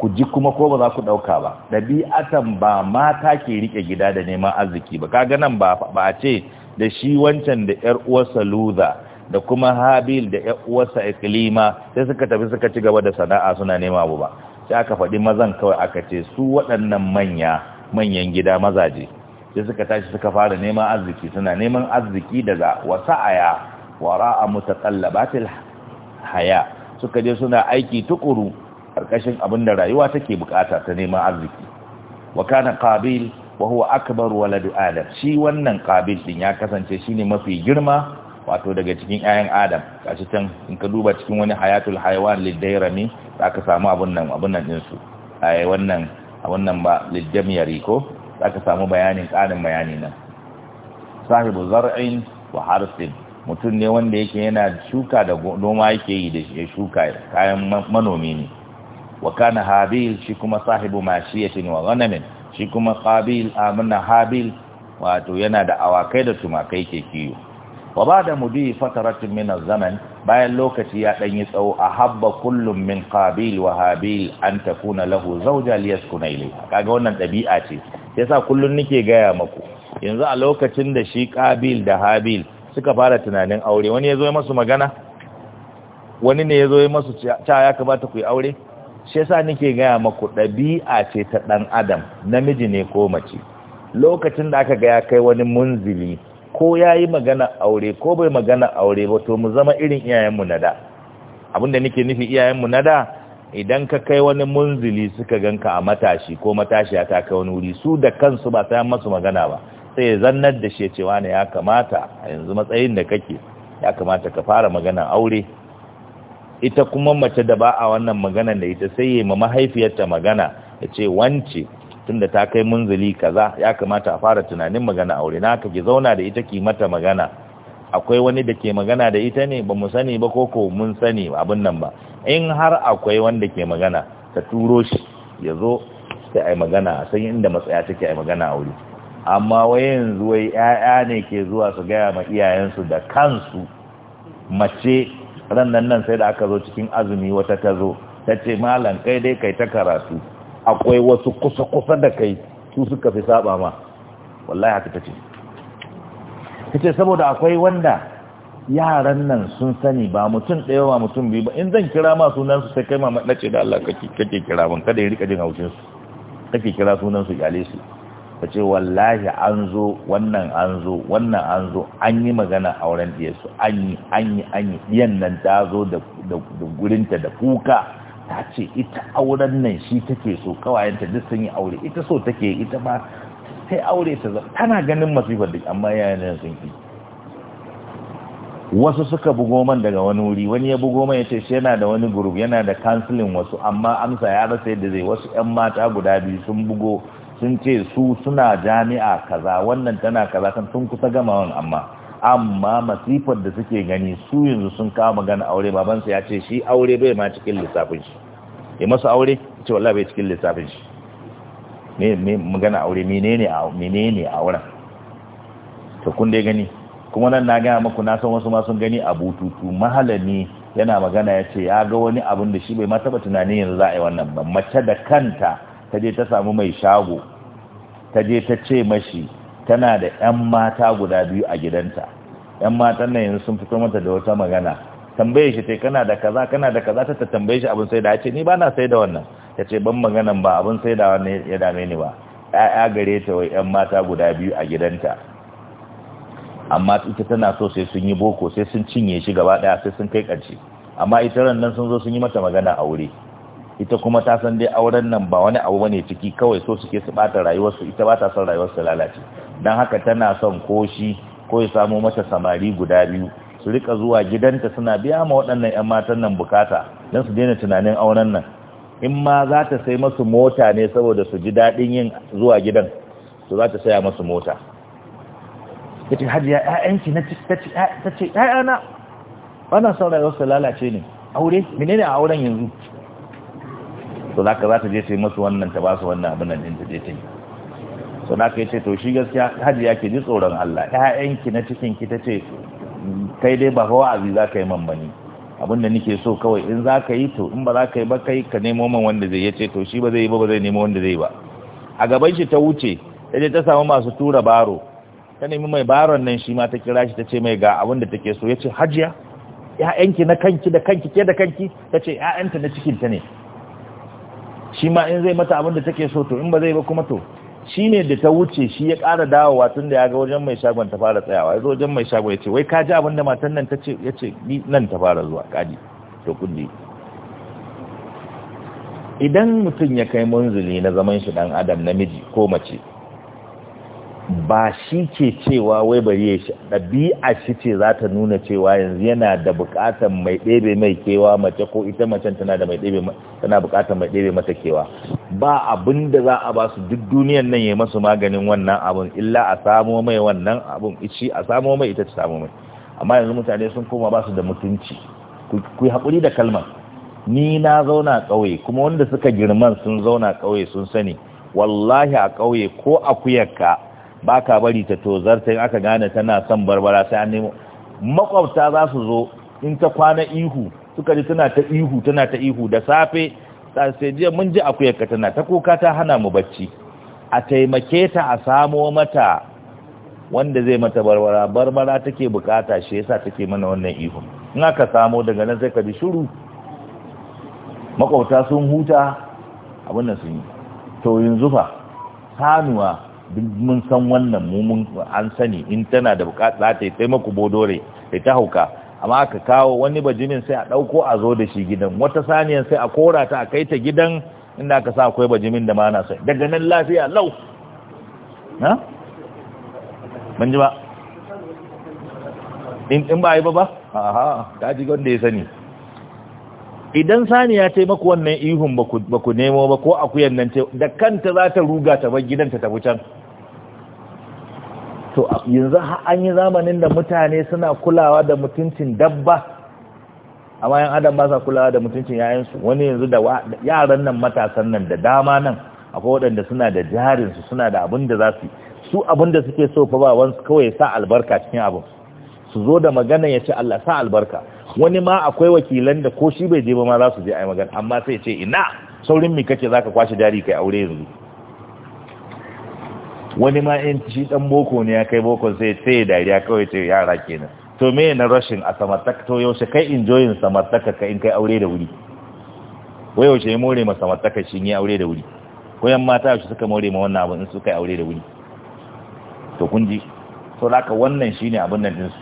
ku ji kuma ko ba za ku ɗauka ba ɗabi'atan ba mata ke rike gida da neman arziki ba Ka nan ba a ce da shi wancan da 'yar uwarsa luza da kuma habil da 'yar uwarsa iklima sai suka tafi suka ci gaba da sana'a suna nema abu ba sai aka faɗi mazan kawai aka ce su waɗannan manya manyan gida mazaje sai suka tashi suka fara neman arziki suna neman arziki daga wasa'aya wara'a mutaqallabatil haya suka je suna aiki tukuru karkashin abin da rayuwa take bukata ta neman arziki wa kana qabil wa huwa akbar walad adam shi wannan qabil din ya kasance shine mafi girma wato daga cikin 'ya'yan adam kashi can in ka duba cikin wani hayatul haywan lidairami zaka samu abun nan abun nan din su ai wannan wannan ba lidamiyari ko zaka samu bayanin ƙarin bayani nan sahibu zar'in wa harsin mutum ne wanda yake yana shuka da noma yake yi da ya shuka kayan manomi ne wa kana habil shi kuma sahibu mashiyatin wa ghanamin shi kuma qabil amna habil wato yana da awakai da tumakai ke kiyo wa ba'da mudi fataratin min zaman bayan lokaci ya dan yi tsawo habba kullum min qabil wa habil an takuna lahu zawja yaskuna ilayha kaga wannan dabi'a ce yasa kullun nake gaya maku yanzu a lokacin da shi qabil da habil suka fara tunanin aure wani ya zo masu magana wani ne ya zo masu ca ya kamata ku yi aure shi yasa nake gaya maku ɗabi'a ce ta ɗan adam namiji ne ko mace lokacin da aka gaya kai wani munzili ko ya yi magana aure ko bai magana aure ba to mu zama irin iyayenmu na da abinda nake nufi iyayenmu na da idan ka kai wani munzili suka ganka a matashi ko matashiya ta kai wani wuri su da kansu ba sayan masu magana ba sai ya zannar da shi cewa ne ya kamata a yanzu matsayin da kake ya kamata ka fara magana aure ita kuma mace da ba a wannan magana da ita sai ya ma mahaifiyarta magana ya ce wance tunda ta kai munzuli kaza ya kamata a fara tunanin magana aure na ka ki zauna da ita ki mata magana akwai wani da ke magana da ita ne ba mu sani ba ko ko mun sani abin nan ba in har akwai wanda ke magana ta turo shi ya zo sai a yi magana a san inda matsaya take a yi magana aure amma wai yanzu wai 'ya'ya ne ke zuwa su gaya ma iyayensu da kansu mace ran nan sai da aka zo cikin azumi wata ta zo ta ce malam kai dai kai ta karatu akwai wasu kusa-kusa da kai su suka fi saba ma wallahi haka ta ce ta ce saboda akwai wanda yaran nan sun sani ba mutum ɗaya ba mutum biyu ba in zan kira ma sunansu sai kai ma maɗace da Allah kake kira ban kada ya rika jin su kake kira sunansu kyale su ku ce wallahi an zo wannan an zo wannan an zo an yi magana auren yasu an yi an yi an yi yan nan ta zo da gurinta da kuka ta ce ita auren nan shi take so kawayenta duk sun yi aure ita so take ita ba sai aure ta zo tana ganin masifa duk amma yayin sun fi. wasu suka bugo man daga wani wuri wani ya bugo man ya ce shi yana da wani group yana da counseling wasu amma amsa ya rasa yadda zai wasu 'yan mata guda biyu sun bugo sun ce su suna jami'a kaza wannan tana kaza kan sun kusa gamawan amma amma masifar da suke gani su yanzu sun kawo magana aure babansa ya ce shi aure bai ma cikin lissafin shi ya masa aure Ya ce wallahi bai cikin lissafin shi me me magana aure menene a menene auren to kun dai gani kuma nan na ga muku na san wasu ma sun gani a bututu mahalami yana magana ya ce ya ga wani abin da shi bai ma taba tunanin yanzu za a yi wannan ba mace da kanta ta je ta samu mai shago ta je ta ce mashi tana da 'yan mata guda biyu a gidanta 'yan matan nan yanzu sun fito mata da wata magana tambaye shi tai kana da kaza kana da kaza ta tambaye shi abin sai da ya ce ni ba na sai da wannan ta ce ban maganan ba abin sai da wannan ya dame ni ba ya gare ta wai 'yan mata guda biyu a gidanta amma ita tana so sai sun yi boko sai sun cinye shi gaba daya sai sun kai ƙarshe amma ita ran nan sun zo sun yi mata magana a wuri ita kuma ta san dai auren nan ba wani abu bane ciki kawai so suke su bata rayuwarsu ita ba ta son rayuwarsu lalace dan haka tana son ko shi ko ya samo mata samari guda biyu su rika zuwa gidanta suna biya ma waɗannan 'yan matan nan bukata don su daina tunanin auren nan in ma za ta sai masu mota ne saboda su ji daɗin yin zuwa gidan su za ta saya masu mota ta ce hajiya ƴaƴanki na ta ce ƴaƴana ba na son lalace ne aure menene a auren yanzu so da za ta je ta yi masu wannan ta ba su wannan abin nan ta je ta yi so da ka ce to shi gaskiya hajiya ke ji tsoron Allah ƴaƴanki na cikin ki ta ce kai dai ba hawa azi za ka yi man bane abin da nake so kawai in za ka yi to in ba za ka yi ba kai ka nemo man wanda zai yace to shi ba zai yi ba ba zai nemo wanda zai ba a gaban shi ta wuce ta je ta samu masu tura baro ta nemi mai baron nan shi ma ta kira shi ta ce mai ga abin da take so yace hajiya ƴaƴanki na kanki da kanki ke da kanki ta ce ƴaƴanta na cikin ta ne shi ma in zai mata abin da take so to in ba zai ba kuma to shi ne da ta wuce shi ya kara dawowa tun da ya ga wajen mai shagon ta fara tsayawa ya zo wajen mai shagon ya ce wai ka ji abin da matan nan ta ce ya ce ni nan ta fara zuwa kadi to kundi idan mutum ya kai munzuli na zaman shi dan adam namiji ko mace ba shi ke cewa wai bari ya shi ɗabi'a shi ce za ta nuna cewa yanzu yana da buƙatar mai ɗebe mai kewa mace ko ita macen tana da mai ɗebe tana buƙatar mai ɗebe mata kewa ba abin da za a ba su duk duniyan nan ya masu maganin wannan abun illa a samo mai wannan abun ishi a samo mai ita ta samo mai amma yanzu mutane sun koma ba su da mutunci ku yi haƙuri da kalmar ni na zauna ƙauye kuma wanda suka girman sun zauna ƙauye sun sani wallahi a ƙauye ko akuyarka ba ka bari ta tozarta in aka gane tana son barbara sai an nemo makwabta za su zo in ta kwana ihu suka ji tana ta ihu tana ta ihu da safe sai jiya mun ji ka tana ta kuka ta hana mu bacci a taimake ta a samo mata wanda zai mata barbara barbara take bukata shi yasa take mana wannan ihu in aka samo daga nan sai ka bi shiru makwabta sun huta abin nan sun yi to yanzu fa sanuwa mun san wannan mu mun an sani in tana da bukata za ta yi taimako bodore ta ta hauka amma aka kawo wani bajimin sai a ɗauko a zo da shi gidan wata saniyan sai a kora ta a kai ta gidan inda aka sa akwai bajimin da ma na sai daga nan lafiya lau na? ban ji ba in ba yi ba ba? aha kaji gwanda ya sani idan saniya ta yi maku wannan ihun ba ku nemo ba ko akuyan nan ce da kanta za ta ruga ta bar gidanta ta wucan to yanzu an yi zamanin da mutane suna kulawa da mutuncin dabba amma yan adam ba sa kulawa da mutuncin yayansu wani yanzu da yaran nan matasan nan da dama nan akwai waɗanda suna da jarinsu suna da abin da za su su abin da suke so fa ba wansu kawai sa albarka cikin abin su zo da magana ya ce Allah sa albarka wani ma akwai wakilan da ko shi bai je ba ma za su je a yi magana amma sai ce ina saurin me kake zaka kwashi jari kai aure yanzu wani ma in shi dan boko ne ya kai boko sai sai dariya kawai ce yara kenan to me na rashin a samartaka to yaushe kai enjoying samartaka ka in kai aure da wuri ko yaushe ya more ma samartaka shi ne aure da wuri ko yan mata yaushe suka more ma wannan abu in suka aure da wuri to kun ji to laka wannan shine abin nan din su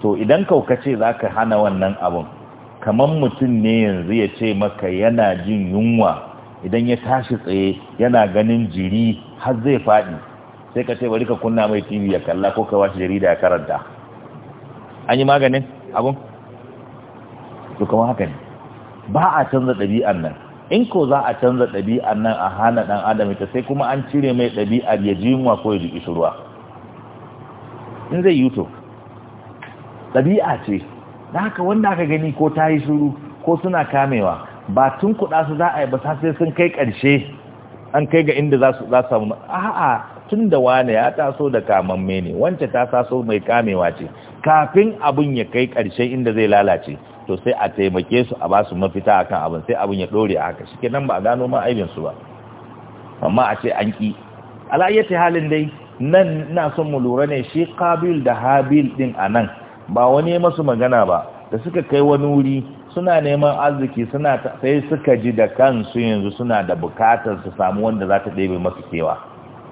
to idan ce zaka hana wannan abin kaman mutum ne yanzu ya ce maka yana jin yunwa idan ya tashi tsaye yana ganin jiri har zai faɗi sai ka ce bari ka kunna mai tv ya kalla ko ka washe jarida ya karanta an yi maganin abun to kuma haka ne ba a canza ɗabi'an nan in ko za a canza ɗabi'an nan a hana ɗan adam ita sai kuma an cire mai ɗabi'ar ya ji ko ya ji kishirwa in zai yi to ɗabi'a ce da haka wanda aka gani ko ta yi shuru ko suna kamewa ba tun kuɗa su za a yi ba sai sun kai ƙarshe an kai ga inda za su samu a'a tun da wane ya taso da kamamme ne wance ta taso mai kamewa ce kafin abin ya kai ƙarshe inda zai lalace to sai a taimake su a ba su mafita akan abin sai abin ya dore a haka shike nan ba a gano ma'aibinsu ba amma a ce an ki alayyata halin dai nan ina son mu lura ne shi qabil da habil din anan ba wani masu magana ba da suka kai wani wuri suna neman arziki suna sai suka ji da kansu yanzu suna da bukatar su samu wanda za ta ɗebe masu kewa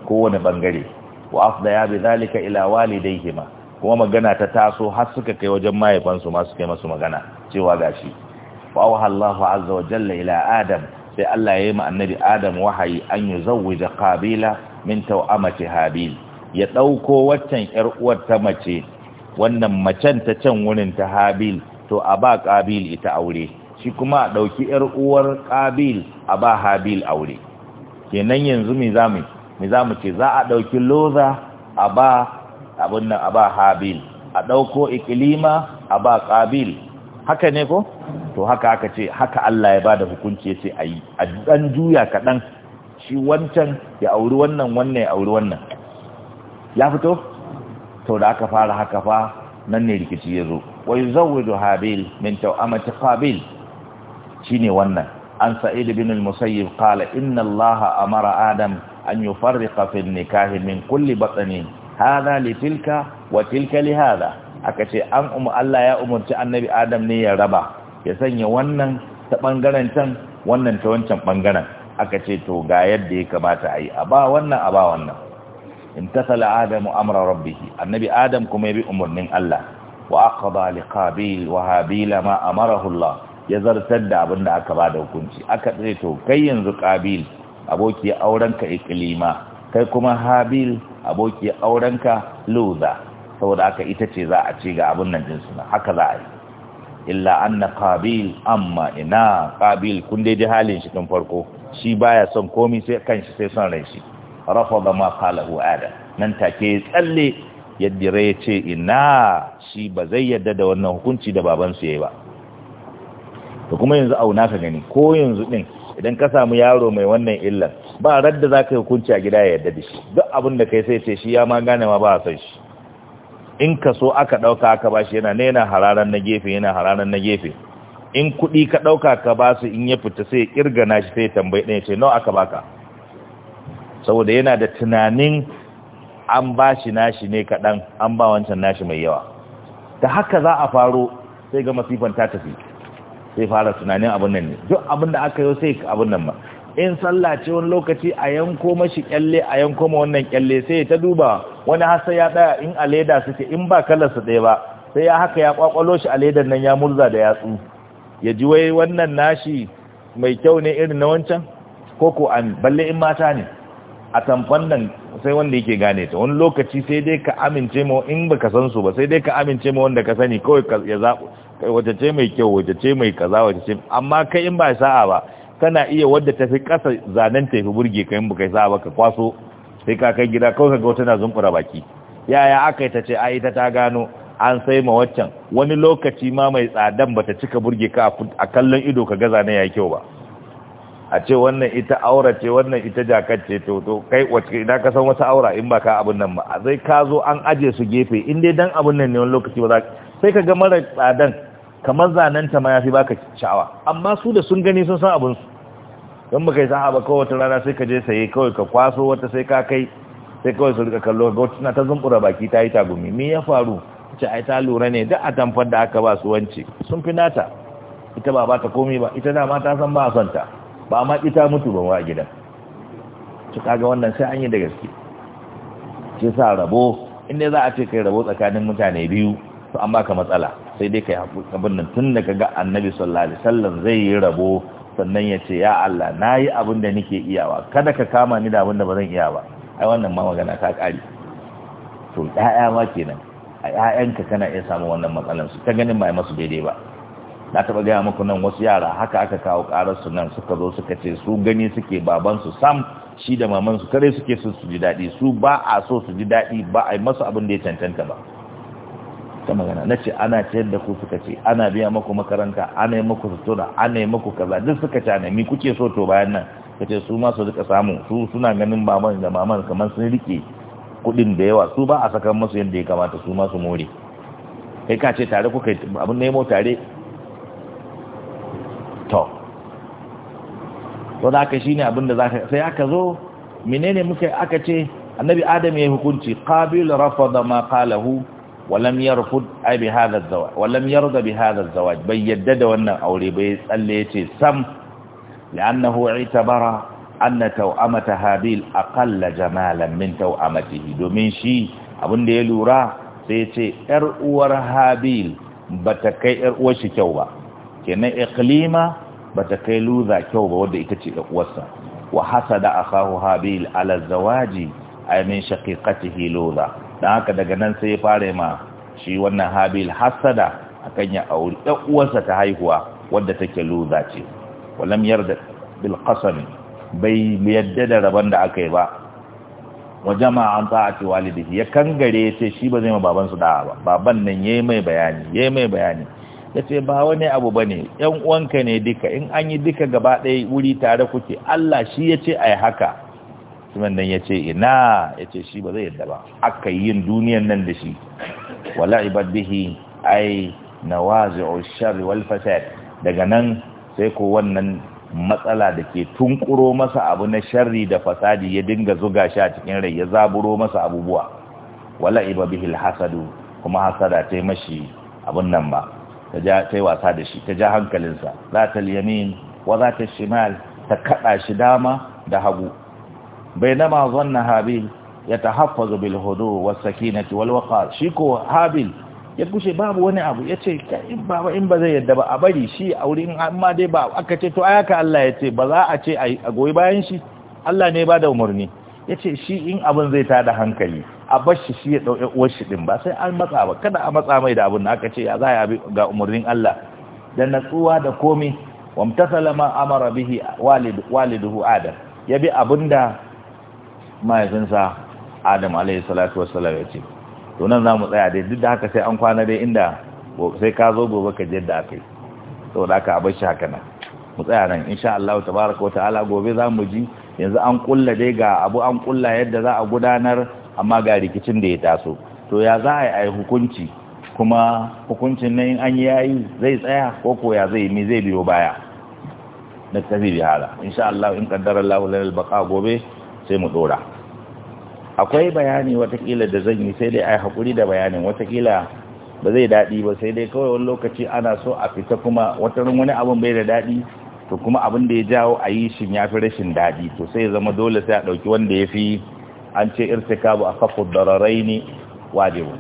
kowane bangare wa afdaya bi zalika ila walidayhima kuma magana ta taso har suka kai wajen mahaifansu masu kai masu magana cewa gashi wa awha Allahu azza wa jalla ila adam sai Allah ya yi ma annabi adam wahayi an yuzawwija qabila min tawamati habil ya dauko waccan yar uwar ta mace wannan macen ta can wurin ta habil to a ba qabil ita aure shi kuma a dauki yar uwar qabil a ba habil aure kenan yanzu me zamu yi me za mu ce za a ɗauki loza a ba abin nan a ba habil a ɗauko ikilima a ba ƙabil haka ne ko to haka aka ce haka Allah ya ba da hukunci ya ce a yi a ɗan juya kaɗan shi wancan ya auri wannan wannan ya auri wannan ya fito to da aka fara haka fa nan ne rikici ya zo wai zawwaju habil min Habil? Shi shine wannan an sa'id bin al-musayyib qala inna allaha amara adam an yufarriqa fi nikahi min kulli batni hadha li tilka wa tilka li aka ce an umu Allah ya umarci annabi Adam ne ya raba ya sanya wannan ta bangaren can wannan ta wancan bangaren aka ce to ga yadda ya kamata a yi a ba wannan a ba wannan intasala adamu amra rabbihi annabi adam kuma ya bi umarnin Allah wa aqada liqabil wa habila ma amarahu Allah ya zartar da abin da aka ba da hukunci aka ce to kai yanzu qabil aboki aurenka iklima kai kuma habil aboki aurenka luza saboda haka ita ce za a ce ga abin nan jinsu na haka za a yi illa anna qabil amma ina qabil kun dai ji halin shi tun farko shi baya son komi sai kanshi sai son rai shi rafada ma qalahu adam nan take tsalle yadda rai ce ina shi ba zai yadda da wannan hukunci da babansu yi ba to kuma yanzu auna ka gani ko yanzu din idan ka samu yaro mai wannan illan ba radda za ka yi hukunci a gida ya yadda da shi duk abin da kai sai ce shi ya ma gane ma ba a san shi in ka so aka ɗauka aka ba shi yana ne yana hararan na gefe yana hararan na gefe in kuɗi ka ɗauka ka ba su in ya fita sai ya na shi sai tambayi ɗaya ce nawa aka baka saboda yana da tunanin an ba shi nashi ne kaɗan an ba wancan nashi mai yawa ta haka za a faro sai ga masifan ta tafi sai fara tunanin abin nan ne duk abin da aka yi sai abin nan ma in sallah ce wani lokaci a yanko mashi kyalle a yanko ma wannan kyalle sai ta duba wani hasa ya daya in a leda suke in ba kalar su ɗaya ba sai ya haka ya kwakwalo shi a ledan nan ya murza da yatsu ya ji wai wannan nashi mai kyau ne irin na wancan ko ko an balle in mata ne a tamfan nan sai wanda yake gane ta wani lokaci sai dai ka amince ma in baka san su ba sai dai ka amince ma wanda ka sani kawai ya zaɓo kai wacece mai kyau wacece mai kaza wacece amma kai in ba sa'a ba kana iya wadda tafi kasa zanen ta fi burge kai in ba kai sa'a ba ka kwaso sai ka kai gida kawai kaga wata na zumbura baki yaya aka yi ta ce ai ta ta gano an sai ma waccan wani lokaci ma mai tsadan bata cika burge ka a kallon ido ka gaza na ya kyau ba a ce wannan ita aura ce wannan ita jakar ce to to kai wacce idan ka san wata aura in ba ka abun nan ba zai ka zo an aje su gefe in dai dan abun nan ne wani lokaci ba za sai ka ga mara tsadan kamar zananta ma ya fi baka sha'awa amma su da sun gani sun san abinsu don baka yi sa'a ba kawai wata rana sai ka je saye kawai ka kwaso wata sai ka kai sai kawai su rika kallo ga wata ta zumbura baki ta yi tagumi me ya faru ce ai ta lura ne duk a tamfar da aka ba su wance sun fi nata ita ba ba ta komi ba ita dama ta san ba a son ta ba ma ita mutu ba a gidan to kaga wannan sai an yi da gaske ke sa rabo inda za a ce kai rabo tsakanin mutane biyu to an baka matsala sai dai ka haƙuri abin nan tun daga ga annabi sallallahu alaihi wasallam zai yi rabo sannan ya ce ya Allah na yi abin da nake iyawa kada ka kama ni da abin da ba zan iya ba ai wannan ma magana ta ƙari to ɗaya ma kenan a ƴaƴanka kana iya samu wannan matsalan su ta ganin ba masu daidai ba na taɓa gaya muku nan wasu yara haka aka kawo ƙararsu nan suka zo suka ce su gani suke babansu sam shi da mamansu kare suke su ji daɗi su ba a so su ji daɗi ba a yi masu abin da ya cancanta ba ta magana na ce ana ce da ku suka ce ana biya maku makaranta ana yi maku sutura ana yi maku kaza duk suka ce ana mi kuke so to bayan nan ka ce su ma su duka samu su suna ganin maman da maman kamar sun rike kuɗin da yawa su ba a sakan masu yadda ya kamata su ma su more kai ka ce tare kuka abin nemo tare to to da aka shine abin da zaka sai aka zo menene muka aka ce annabi adam ya hukunci qabil rafada ma qalahu walam yarfud ai bi hadha yarda bai yadda da wannan aure bai tsalle yace sam li'annahu i'tabara anna taw'amata habil aqalla jamalan min taw'amatihi domin shi abin ya lura sai yace yar uwar habil bata kai yar uwar shi kyau ba kenan iqlima bata kai luza kyau ba wanda ita ce da uwarsa wa hasada akahu habil ala zawaji ay min shaqiqatihi luza don haka daga nan sai ya fara ma shi wannan habil hasada kan ya auri ɗan uwarsa ta haihuwa wadda take luza ce walam yarda bil qasam bai yadda da rabon da aka yi ba wa jama'a an ce walidihi ya kangare ya ce shi ba zai ma babansu da'a ba baban nan yayi mai bayani yayi mai bayani ya ce ba wani abu ba ne ‘yan uwanka ne duka in an yi duka gaba ɗaya wuri tare kuke Allah shi ya ce a haka mutumin nan ya ce ina yace shi ba zai yadda ba aka yin duniyar nan da shi wala ibad bihi ai nawazi'u sharri wal fasad daga nan sai ko wannan matsala da ke tunkuro masa abu na sharri da fasadi ya dinga zuga shi a cikin rai ya zaburo masa abubuwa wala bihi bihil hasadu kuma hasada ta mashi abun nan ba ta ja wasa da shi ta ja hankalinsa za ta yamin wa za ta shimal ta kada shi dama da hagu bainama zanna habil yatahaffazu bil hudu was sakinati wal waqar shi ko habil ya kushe babu wani abu ya ce baba in ba zai yadda ba a bari shi a wurin amma dai ba aka ce to ayaka Allah ya ce ba za a ce a goyi bayan shi Allah ne ba da umarni ya ce shi in abin zai tada hankali a bar shi ya ɗau uwar shi ɗin ba sai an matsa ba kada a matsa mai da abin da aka ce ya za a ga umarnin Allah da natsuwa da komi wamtasala ma amara bihi walidu adam ya bi abin da mahaifinsa adam alaihi salatu salam ya ce to nan za mu tsaya dai duk da haka sai an kwana dai inda sai ka zo gobe ka jadda aka yi sau haka a haka nan mu tsaya nan insha Allah tabaraka wa ta'ala gobe za mu ji yanzu an kulla dai ga abu an kulla yadda za a gudanar amma ga rikicin da ya taso to ya za a yi hukunci kuma hukuncin nan in an yi yayi zai tsaya ko ko ya zai mi zai biyo baya na tafi bihala insha Allah in kaddara Allah lana al-baqa gobe sai mu dora akwai bayani watakila da zan yi sai dai a hakuri da bayanin watakila ba zai daɗi ba sai dai kawai wani lokaci ana so a fita kuma wata wani abin bai da daɗi to kuma abin da ya jawo a yi shi ya fi rashin daɗi to sai ya zama dole sai a ɗauki wanda ya fi an ce irtikabu a kafa dararai ne wajibu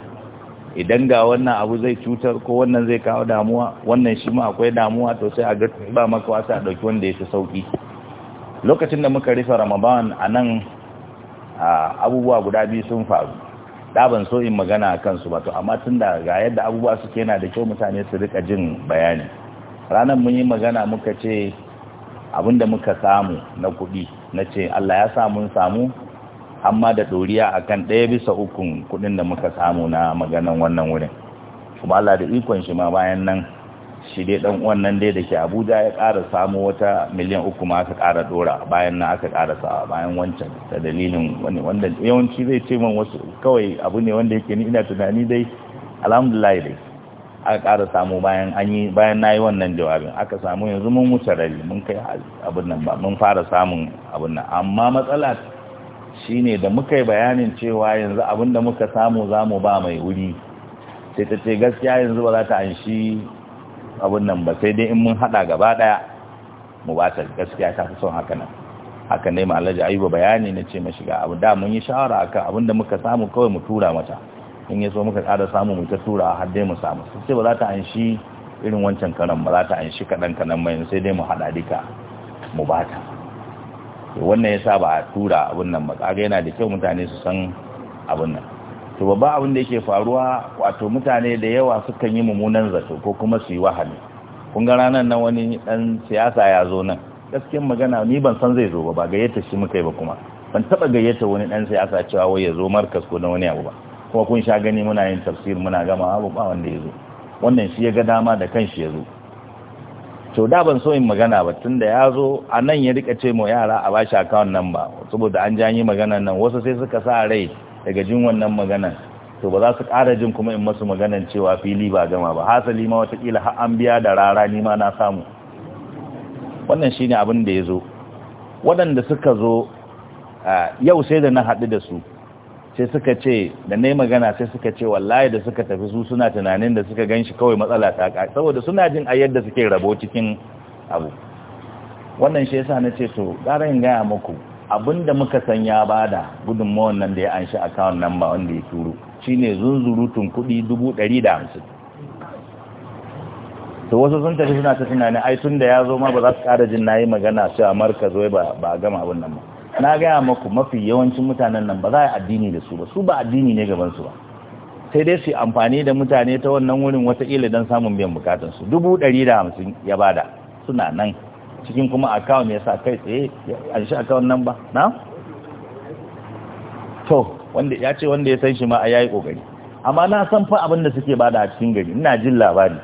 idan ga wannan abu zai cutar ko wannan zai kawo damuwa wannan shi ma akwai damuwa to sai a ga ba maka wasa a ɗauki wanda ya fi sauƙi lokacin da muka rufe ramadan a nan abubuwa guda biyu sun faru ɗaban so in magana a kansu ba to amma tun da ga yadda abubuwa suke na da kyau mutane su rika jin bayani ranar mun yi magana muka ce abinda muka samu na kuɗi na ce allah ya sa samu amma da ɗoriya a kan ɗaya bisa ukun kuɗin da muka samu na maganan wannan wurin kuma allah da ikon shi ma bayan nan shi dai dan wannan dai da ke abuja ya ƙara samu wata miliyan uku ma aka ƙara dora bayan na aka ƙara sawa bayan wancan da dalilin wani wanda yawanci zai ce man wasu kawai abu ne wanda yake ni ina tunani dai alhamdulillah dai aka ƙara samu bayan an yi bayan na yi wannan jawabin aka samu yanzu mun wuce rari mun kai abin nan ba mun fara samun abin nan amma matsala shine da muka yi bayanin cewa yanzu abin da muka samu za mu ba mai wuri sai ta ce gaskiya yanzu ba za ta an shi abun nan ba sai dai in mun hada gaba daya mu ba ta gaskiya ta fi son haka nan haka ne malaji ayuba bayani na ce mashi ga abu da mun yi shawara akan abin da muka samu kawai mu tura mata in yaso muka kada samu mu ta tura har dai mu samu sai ba za ta an shi irin wancan karan ba za ta an shi kadan kadan mai sai dai mu haɗa dika mu ba ta wannan ya ba a tura abin nan ba kaga yana da kyau mutane su san abin nan to ba abin da yake faruwa wato mutane da yawa sukan yi mummunan zato ko kuma su yi wahali kun ga ranar nan wani dan siyasa ya zo nan gaskiyar magana ni ban san zai zo ba ba gayyata shi muka yi ba kuma ban taba gayyata wani dan siyasa cewa wai ya zo markas ko na wani abu ba kuma kun sha gani muna yin tafsir muna gama abu ba wanda ya zo wannan shi ya ga dama da kanshi ya zo to da ban so in magana ba tunda ya zo a nan ya rika ce mu yara a bashi account number saboda an janyi magana nan wasu sai suka sa rai daga jin wannan magana to ba za su ƙara jin kuma in masu maganan cewa fili ba gama ba hasali ma watakila har an biya da rara nima na samu wannan shine abin da ya zo waɗanda suka zo yau sai da na haɗu da su sai suka ce da na magana sai suka ce wallahi da suka tafi su suna tunanin da suka gan shi kawai matsala ta ƙa saboda suna jin a yadda suke rabo cikin abu wannan shi yasa na ce to ƙara in gaya muku da muka san ya bada gudunmawan nan da ya anshi akawun nan ba wanda ya turo shine zunzurutun kuɗi dubu ɗari da hamsin to wasu sun tafi suna ta tunanin ai tun da ya zo ma ba za su kada jin na yi magana a marka zo ba a gama abin nan ba na gaya maku mafi yawancin mutanen nan ba za a addini da su ba su ba addini ne gabansu ba sai dai su amfani da mutane ta wannan wurin wataƙila don samun biyan bukatansu, dubu ɗari da hamsin ya bada suna nan cikin kuma akawun ya sa kai tsaye a shi nan ba na to wanda ya ce wanda ya san shi ma a yayi ƙoƙari amma na san fa abin da suke bada a cikin gari ina jin labari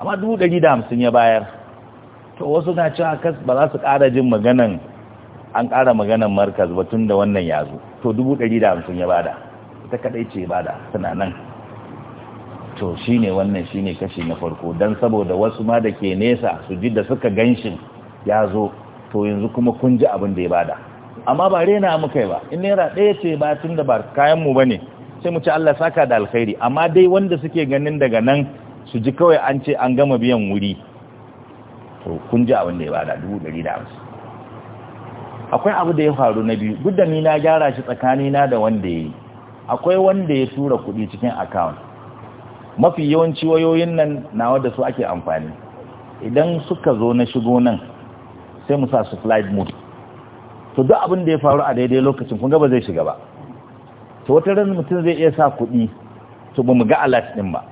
amma dubu ɗari da hamsin ya bayar to wasu na cewa kas ba za su ƙara jin maganan an ƙara maganan markaz ba tun da wannan ya zo to dubu ɗari da hamsin ya bada ita kaɗai ce bada suna nan to shine wannan shine kashi na farko don saboda wasu ma da ke nesa su ji da suka ganshin ya zo to yanzu kuma kun ji abin da ya bada amma ba rena muka yi ba in naira ɗaya ce ba tun da ba kayan mu bane sai mu ci Allah saka da alkhairi amma dai wanda suke ganin daga nan su ji kawai an ce an gama biyan wuri to kun ji abin da ya bada dubu ɗari da hamsin akwai abu da ya faru na biyu duk da ni na gyara shi tsakanina da wanda ya yi akwai wanda ya tura kuɗi cikin account mafi yawanci wayoyin nan nawa da su ake amfani idan suka zo na shigo nan sai mu sa su flight mode to duk abin da ya faru a daidai lokacin kun ga ba zai shiga ba to wata ran mutum zai iya sa kuɗi to ba mu ga alert din ba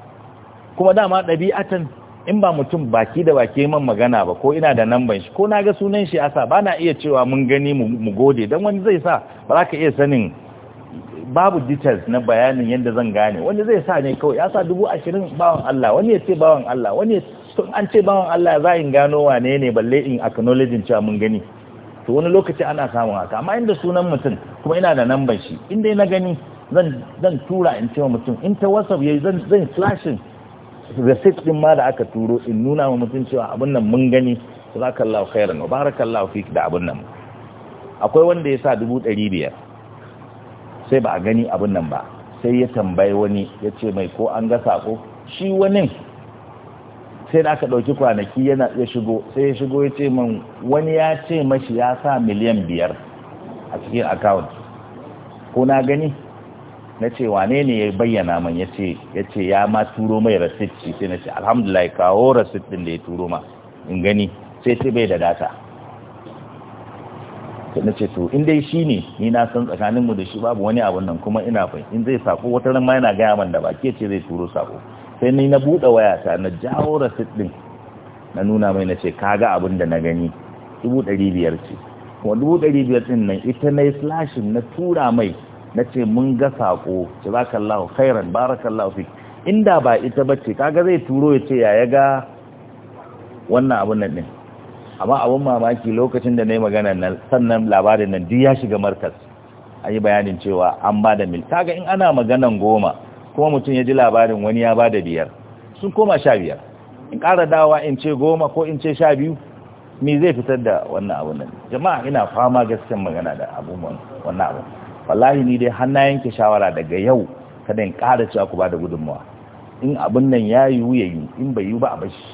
kuma dama ɗabi'atan in ba mutum baki da baki man magana ba ko ina da namban shi ko na ga sunan shi asa ba na iya cewa mun gani mu gode don wani zai sa ba za ka iya sanin babu details na bayanin yadda zan gane wani zai sa ne kawai ya sa dubu ashirin bawan Allah wani ya ce bawan Allah wani ya so an ce bawan Allah za in gano wane ne balle in acknowledge cewa mun gani to wani lokaci ana samun haka amma inda sunan mutum kuma ina da number shi inda na gani zan zan tura in ce mutum in ta whatsapp yayi zan zan flashing receipt din ma da aka turo in nuna wa mutum cewa abin nan mun gani jazakallahu khairan wa barakallahu fik da abin nan akwai wanda ya sa dubu ɗari biyar sai ba a gani abin nan ba sai ya tambayi wani ya ce mai ko an ga sako shi wani sai da aka ɗauki kwanaki yana ya shigo sai ya shigo ya ce min wani ya ce mashi ya sa miliyan biyar a cikin account ko na gani na ce wane ne ya bayyana min ya ce ya ce ya ma turo mai rasit shi sai na ce alhamdulillah kawo rasit din da ya turo ma in gani sai sai bai da data na ce to in dai shi ne ni na san tsakaninmu da shi babu wani abun nan kuma ina fahim in zai sako wata ran ma yana gaya man da baki ce zai turo sako sai ni na buɗe wayata na jawo rasit ɗin na nuna mai na ce kaga abin da na gani dubu ɗari biyar ce kuma dubu ɗari biyar ɗin nan ita na yi slashin na tura mai na ce mun ga saƙo jazakallahu khairan barakallahu fi inda ba ita ba ce kaga zai turo ya ce ya ya ga wannan abin nan ɗin amma abin mamaki lokacin da na yi magana nan sannan labarin nan duk ya shiga markas ayi bayanin cewa an ba da mil kaga in ana maganan goma kuma mutum ya ji labarin wani ya ba da biyar sun koma sha biyar in ƙara dawa in ce goma ko in ce sha biyu me zai fitar da wannan abun nan jama'a ina fama gaskiyar magana da abubuwan wannan abu wallahi ni dai har yanke shawara daga yau kada in ƙara cewa ku ba da gudunmawa in abin nan ya yiwu ya yi in bai yiwu ba a bashi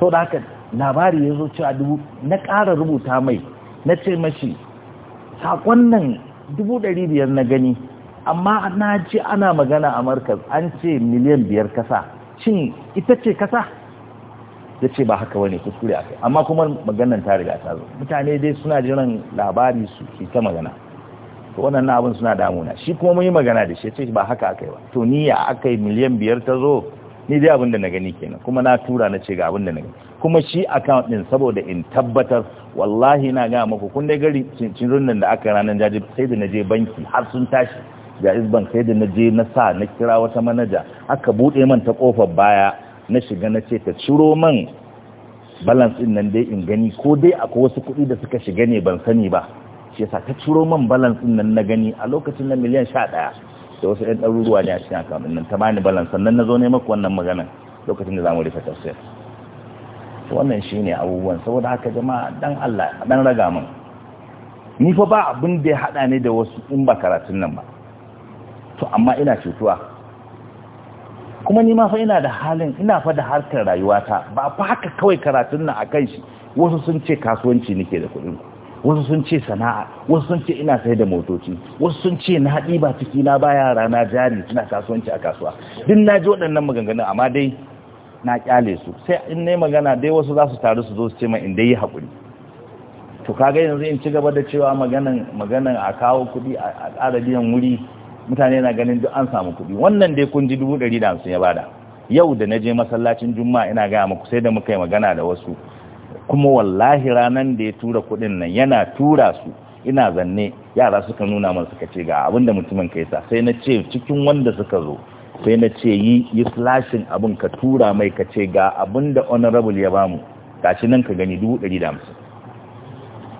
sau da haka labari ya zo cewa dubu na kara rubuta mai na ce mashi saƙon nan dubu ɗari biyar na gani amma na ji ana magana a markaz an ce miliyan biyar kasa cin ita ce kasa ya ce ba haka wani kuskure a kai amma kuma maganan ta riga ta zo mutane dai suna jiran labari su ke ta magana to wannan abin suna damuna shi kuma mun yi magana da shi ya ce ba haka aka yi ba to ni ya aka yi miliyan biyar ta zo ni dai abin da na gani kenan kuma na tura na ce ga abin da na gani kuma shi account din saboda in tabbatar wallahi na ga muku kun dai gari cin da aka ranar jaji sai da na je banki har sun tashi jaiz izban sai da na je na sa na kira wata manaja aka bude man ta kofar baya na shiga na ce ta ciro man balance din nan dai in gani ko dai akwai wasu kuɗi da suka shiga ne ban sani ba shi yasa ta ciro man balance ɗin nan na gani a lokacin na miliyan sha ɗaya da wasu ɗan ɗaruruwa ne a cikin akamun nan ta bani balance sannan na zo ne maku wannan magana lokacin da zamu mu rufe tafsir wannan shi abubuwan saboda haka jama'a dan Allah dan raga min ni fa ba abin da ya hada ne da wasu in ba karatun nan ba to amma ina cutuwa kuma ni ma fa ina da halin ina fa da harkar rayuwata ba fa haka kawai karatun nan akan shi wasu sun ce kasuwanci nake da kuɗin wasu sun ce sana'a wasu sun ce ina sai da motoci wasu sun ce na ɗiba ciki na baya rana jari suna kasuwanci a kasuwa duk na ji waɗannan maganganun amma dai na kyale su sai in ne magana dai wasu za su taru su zo su ce ma in dai yi haƙuri to kaga yanzu in ci gaba da cewa maganan maganan a kawo kuɗi a ƙara biyan wuri mutane na ganin duk an samu kuɗi wannan dai kun ji dubu ɗari da hamsin ya bada yau da na je masallacin juma'a ina gaya muku sai da muka yi magana da wasu kuma wallahi ranar da ya tura kuɗin nan yana tura su ina zanne yara suka nuna masu suka ce ga abin da mutumin ka yasa sai na ce cikin wanda suka zo sai na ce yi yi slashin abin ka tura mai ka ce ga abin da honorable ya bamu gashi nan ka gani dubu ɗari da hamsin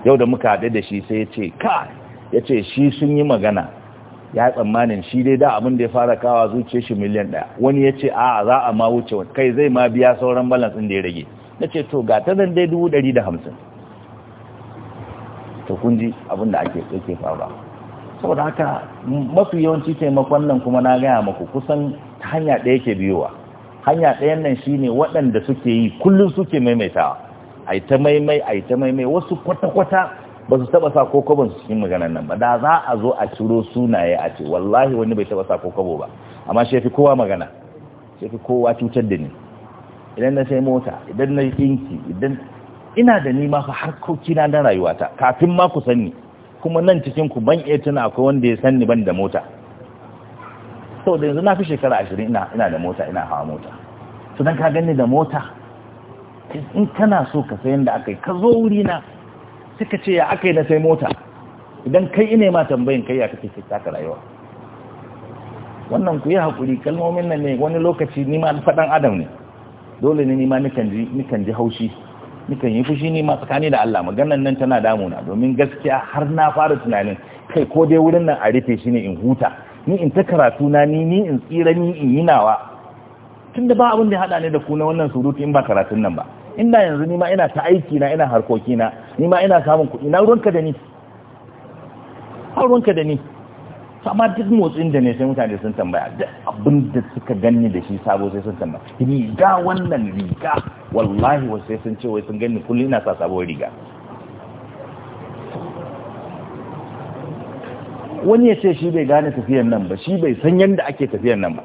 yau da muka haɗu da shi sai ya ce ka ya ce shi sun yi magana ya tsammanin shi dai da abin da ya fara kawa zuciyar shi miliyan ɗaya wani ya ce a za a ma wuce kai zai ma biya sauran balance ɗin da ya rage na ce to ga ta zan dai dubu ɗari da hamsin to kun ji abin da ake tsoke faruwa saboda haka mafi yawanci taimakon nan kuma na gaya maku kusan hanya ɗaya ke biyowa hanya ɗayan nan shine waɗanda suke yi kullum suke maimaitawa a ta maimai a ta maimai wasu kwata-kwata ba su taba sa ko su cikin maganar nan ba da za a zo a ciro sunaye a ce wallahi wani bai taba sa ko ba amma shi yafi kowa magana shi yafi kowa cutar da ni idan na sai mota idan na ɗinki idan ina da ni ma fa harkoki na na rayuwata kafin ma ku sanni kuma nan cikin ku ban iya tuna akwai wanda ya sanni ban da mota da yanzu na fi shekara ashirin ina ina da mota ina hawa mota to dan ka gani da mota in kana so ka sayan da akai ka zo wuri na suka ce ya aka yi na sai mota idan kai ina ma tambayin kai ya kake ke taka rayuwa wannan ku yi haƙuri kalmomin nan ne wani lokaci nima faɗan adam ne dole ne nima nikan ji haushi nikan yi fushi ma tsakani da Allah maganan nan tana na domin gaskiya har na fara tunanin kai ko dai wurin nan a rufe shi ne in huta ni in ta karatu na ni ni in tsira ni in yi nawa tunda ba abin da ya haɗa ne da ku na wannan surutu in ba karatun nan ba ina yanzu nima ina ta aiki na ina harkoki na nima ina samun kudi na ruwanka da ni a ruwanka da ni amma duk motsin da ne sai mutane sun tambaya da abinda suka gani da shi sabo sai sun tambaya riga wannan riga wallahi wasu sai sun ce wai sun gani kullum ina sa sabo riga wani ya ce shi bai gane tafiyan nan ba shi bai san yadda ake tafiyan nan ba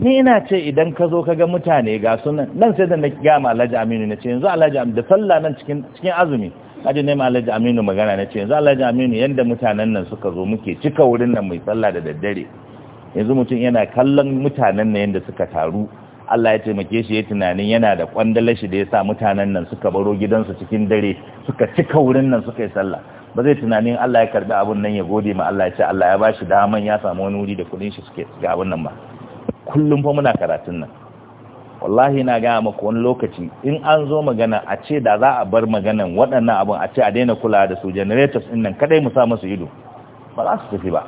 ni ina ce idan ka zo ka ga mutane ga sunan nan sai da na gama alhaji aminu na ce yanzu alhaji aminu da sallah nan cikin azumi aje ne alhaji aminu magana na ce yanzu alhaji aminu yadda mutanen nan suka zo muke cika wurin nan mai sallah da daddare yanzu mutum yana kallon mutanen nan yadda suka taru Allah ya taimake shi ya tunanin yana da kwandalar shi da ya sa mutanen nan suka baro gidansu cikin dare suka cika wurin nan suka yi sallah ba zai tunanin Allah ya karbi abun nan ya gode ma Allah ya ce Allah ya bashi daman ya samu wani wuri da kudin shi suke ga abun nan ba kullum fa muna karatun nan wallahi na gaya maka wani lokaci in an zo magana a ce da za a bar maganan waɗannan abin a ce a daina kula da su generators ɗin nan kadai mu sa masu ido ba za su tafi ba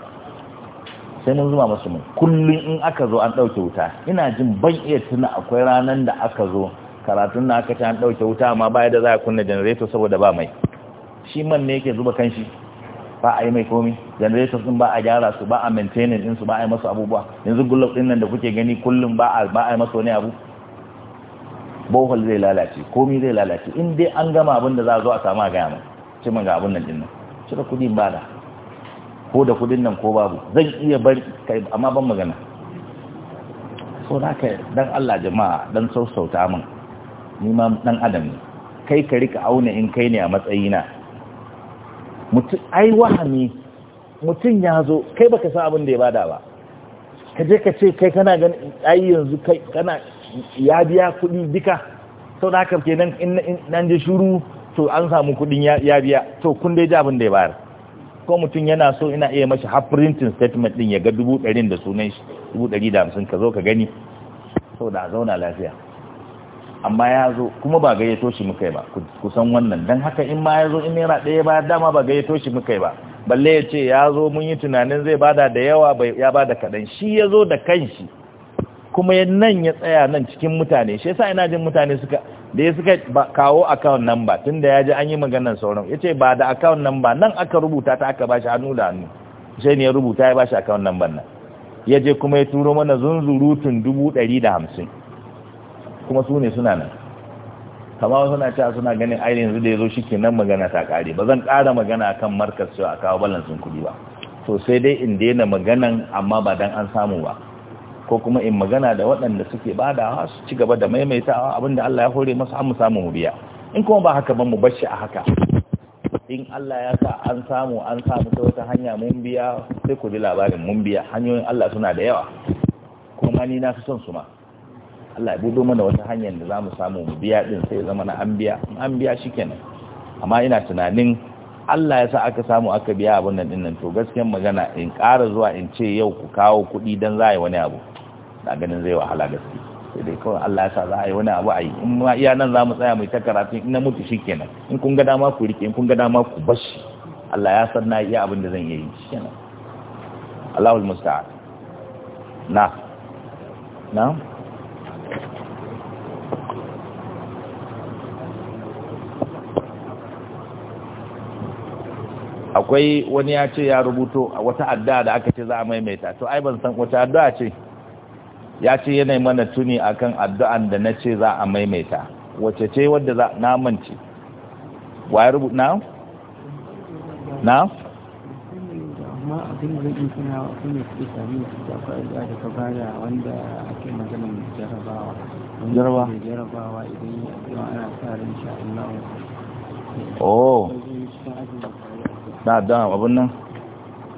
sai mun zuma musu mun kullum in aka zo an ɗauke wuta ina jin ban iya tuna akwai ranar da aka zo karatun na aka ce an ɗauke wuta amma baya da za a kunna generator saboda ba mai shi man ne yake zuba kanshi ba a yi mai komi generators din ba a gyara su ba a maintainin din su ba a yi masu abubuwa yanzu gullab din nan da kuke gani kullum ba a ba a yi masu wani abu bohol zai lalace komi zai lalace in dai an gama abin da za a zo a samu a gaya mai ce ga abin nan din nan cire kudin ba da ko da kudin nan ko babu zan iya bari kai amma ban magana so da kai dan Allah jama'a dan sausauta min ni ma dan adam ne kai ka rika auna in kai ne a matsayina mutum ai wahami mutum ya zo kai baka san abin da ya bada ba ka je ka ce kai kana gani ai yanzu kai kana ya biya kuɗi duka sau da haka kenan in nan je shuru to an samu kuɗin ya biya to kun dai ji abin da ya bayar ko mutum yana so ina iya mashi half printing statement din ya ga dubu ɗarin da sunan shi dubu ɗari da hamsin ka zo ka gani sau da zauna lafiya amma ya zo kuma ba gayyato shi muka yi ba kusan wannan don haka in ma ya zo in naira ɗaya ba dama ba gayyato shi muka yi ba balle ya ce ya zo mun yi tunanin zai bada da yawa ya bada kaɗan shi ya zo da kanshi kuma ya nan ya tsaya nan cikin mutane shi yasa ina jin mutane suka da ya suka kawo account number tunda ya ji an yi maganar sauran ya ce ba da account number nan aka rubuta ta aka bashi hannu da hannu shi ne ya rubuta ya bashi account number nan ya je kuma ya turo mana zunzurutun dubu ɗari da hamsin kuma su ne suna nan kama suna cewa suna ganin ai yanzu da ya zo shi nan magana ta kare ba zan kara magana a kan markas cewa a kawo balansin kuɗi ba to sai dai in daina maganan amma ba dan an samu ba ko kuma in magana da waɗanda suke badawa su ci gaba da maimaitawa abinda Allah ya hore masu an mu samu mu biya in kuma ba haka ba mu bashi a haka in Allah ya sa an samu an samu ta wata hanya mun biya sai ku ji labarin mun biya hanyoyin Allah suna da yawa kuma ni na fi son su ma Allah ya budo mana wata hanyar da za mu samu mu biya din sai zama na an biya an biya shikenan amma ina tunanin Allah ya sa aka samu aka biya abin nan nan to gaskiyar magana in ƙara zuwa in ce yau ku kawo kuɗi don za a yi wani abu da ganin zai wahala gaske sai dai kawai Allah ya sa za a yi wani abu a yi in ma iya nan za mu tsaya mu ta karatun in na mutu shikenan in kun ga dama ku rike in kun ga dama ku bashi Allah ya san na iya abin da zan iya yi shikenan Allahul musta'an na na akwai wani ya ce ya rubuto a wata addu'a da aka ce za a maimaita to ai ban san wata addu'a ce ya ce yanayi mana tuni akan addu'an da na ce za a maimaita wace ce wadda za na mance wa ya rubuta na na oh na addu'a abun nan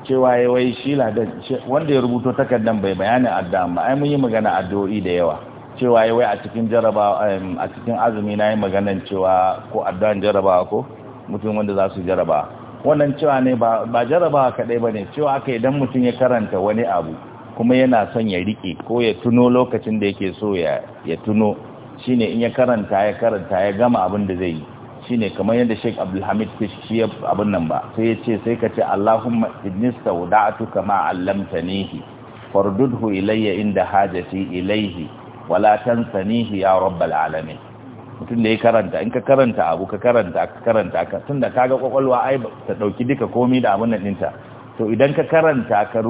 cewa ya wai shi ladan wanda ya rubuto takardar bai bayani addu'a ba ai mun yi magana addu'o'i da yawa cewa ya wai a cikin jaraba a cikin azumi na yi maganan cewa ko addu'an jaraba ko mutum wanda za su jaraba wannan cewa ne ba jaraba kaɗai ba ne cewa aka idan mutum ya karanta wani abu kuma yana son ya rike ko ya tuno lokacin da yake so ya tuno shine in ya karanta ya karanta ya gama abin da zai yi shine kamar yadda Sheikh Abdulhamid Kishki abin nan ba sai ya ce sai ka ce Allahumma inni tuka ma 'allamtanihi fardudhu ilayya inda hajati ilayhi wala tansanihi ya rabbal alamin mutum da ya karanta in ka karanta abu ka karanta ka karanta ka tunda kaga kwakwalwa ai ta dauki duka komai da abin nan dinta to idan ka karanta ka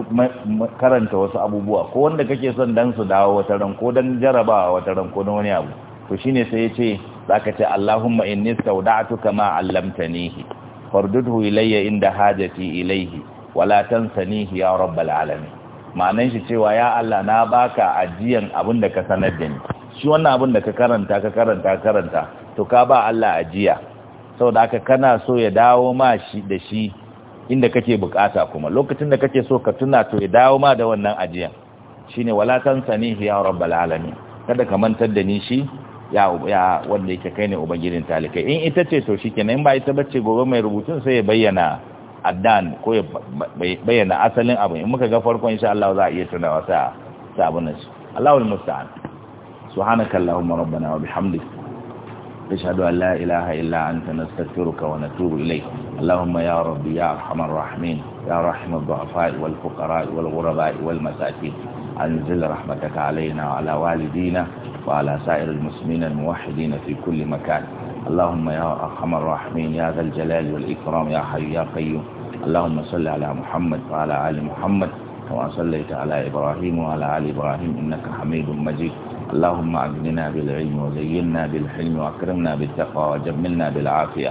karanta wasu abubuwa ko wanda kake son dan su dawo wata ran ko dan jarabawa wata ran ko wani abu to shine sai ya ce zaka ce Allahumma inni Sa'udatu ma 'allamtanihi fardudhu ilayya inda hajati ilayhi wala tansanihi ya rabbal alamin ma'anan shi cewa ya Allah na baka ajiyan abin da ka sanar da ni shi wannan abin da ka karanta ka karanta karanta to ka ba Allah ajiya saboda haka kana so ya dawo ma shi da shi inda kake bukata kuma lokacin da kake so ka tuna to ya dawo ma da wannan ajiyan shine wala tansanihi ya rabbal alamin kada ka mantar da ni shi ya ya wanda yake kai ne ubangijin talikai in ita ce to shikenan in ba ita bace gobe mai rubutun sai ya bayyana addan ko ya bayyana asalin abu in muka ga farko insha Allah za a iya tunawa sa sa abun nan Allahul musta'an subhanaka allahumma rabbana wa bihamdik nashhadu an la ilaha illa anta nastaghfiruka wa natubu ilayk allahumma ya rabbi ya arhamar rahimin ya rahimad du'afa wal fuqara wal ghuraba wal masakin أنزل رحمتك علينا وعلى والدينا وعلى سائر المسلمين الموحدين في كل مكان اللهم يا أرحم الراحمين يا ذا الجلال والإكرام يا حي يا قيوم اللهم صل على محمد وعلى آل محمد كما صليت على إبراهيم وعلى آل إبراهيم إنك حميد مجيد اللهم أجننا بالعلم وزينا بالحلم وأكرمنا بالتقوى وجملنا بالعافية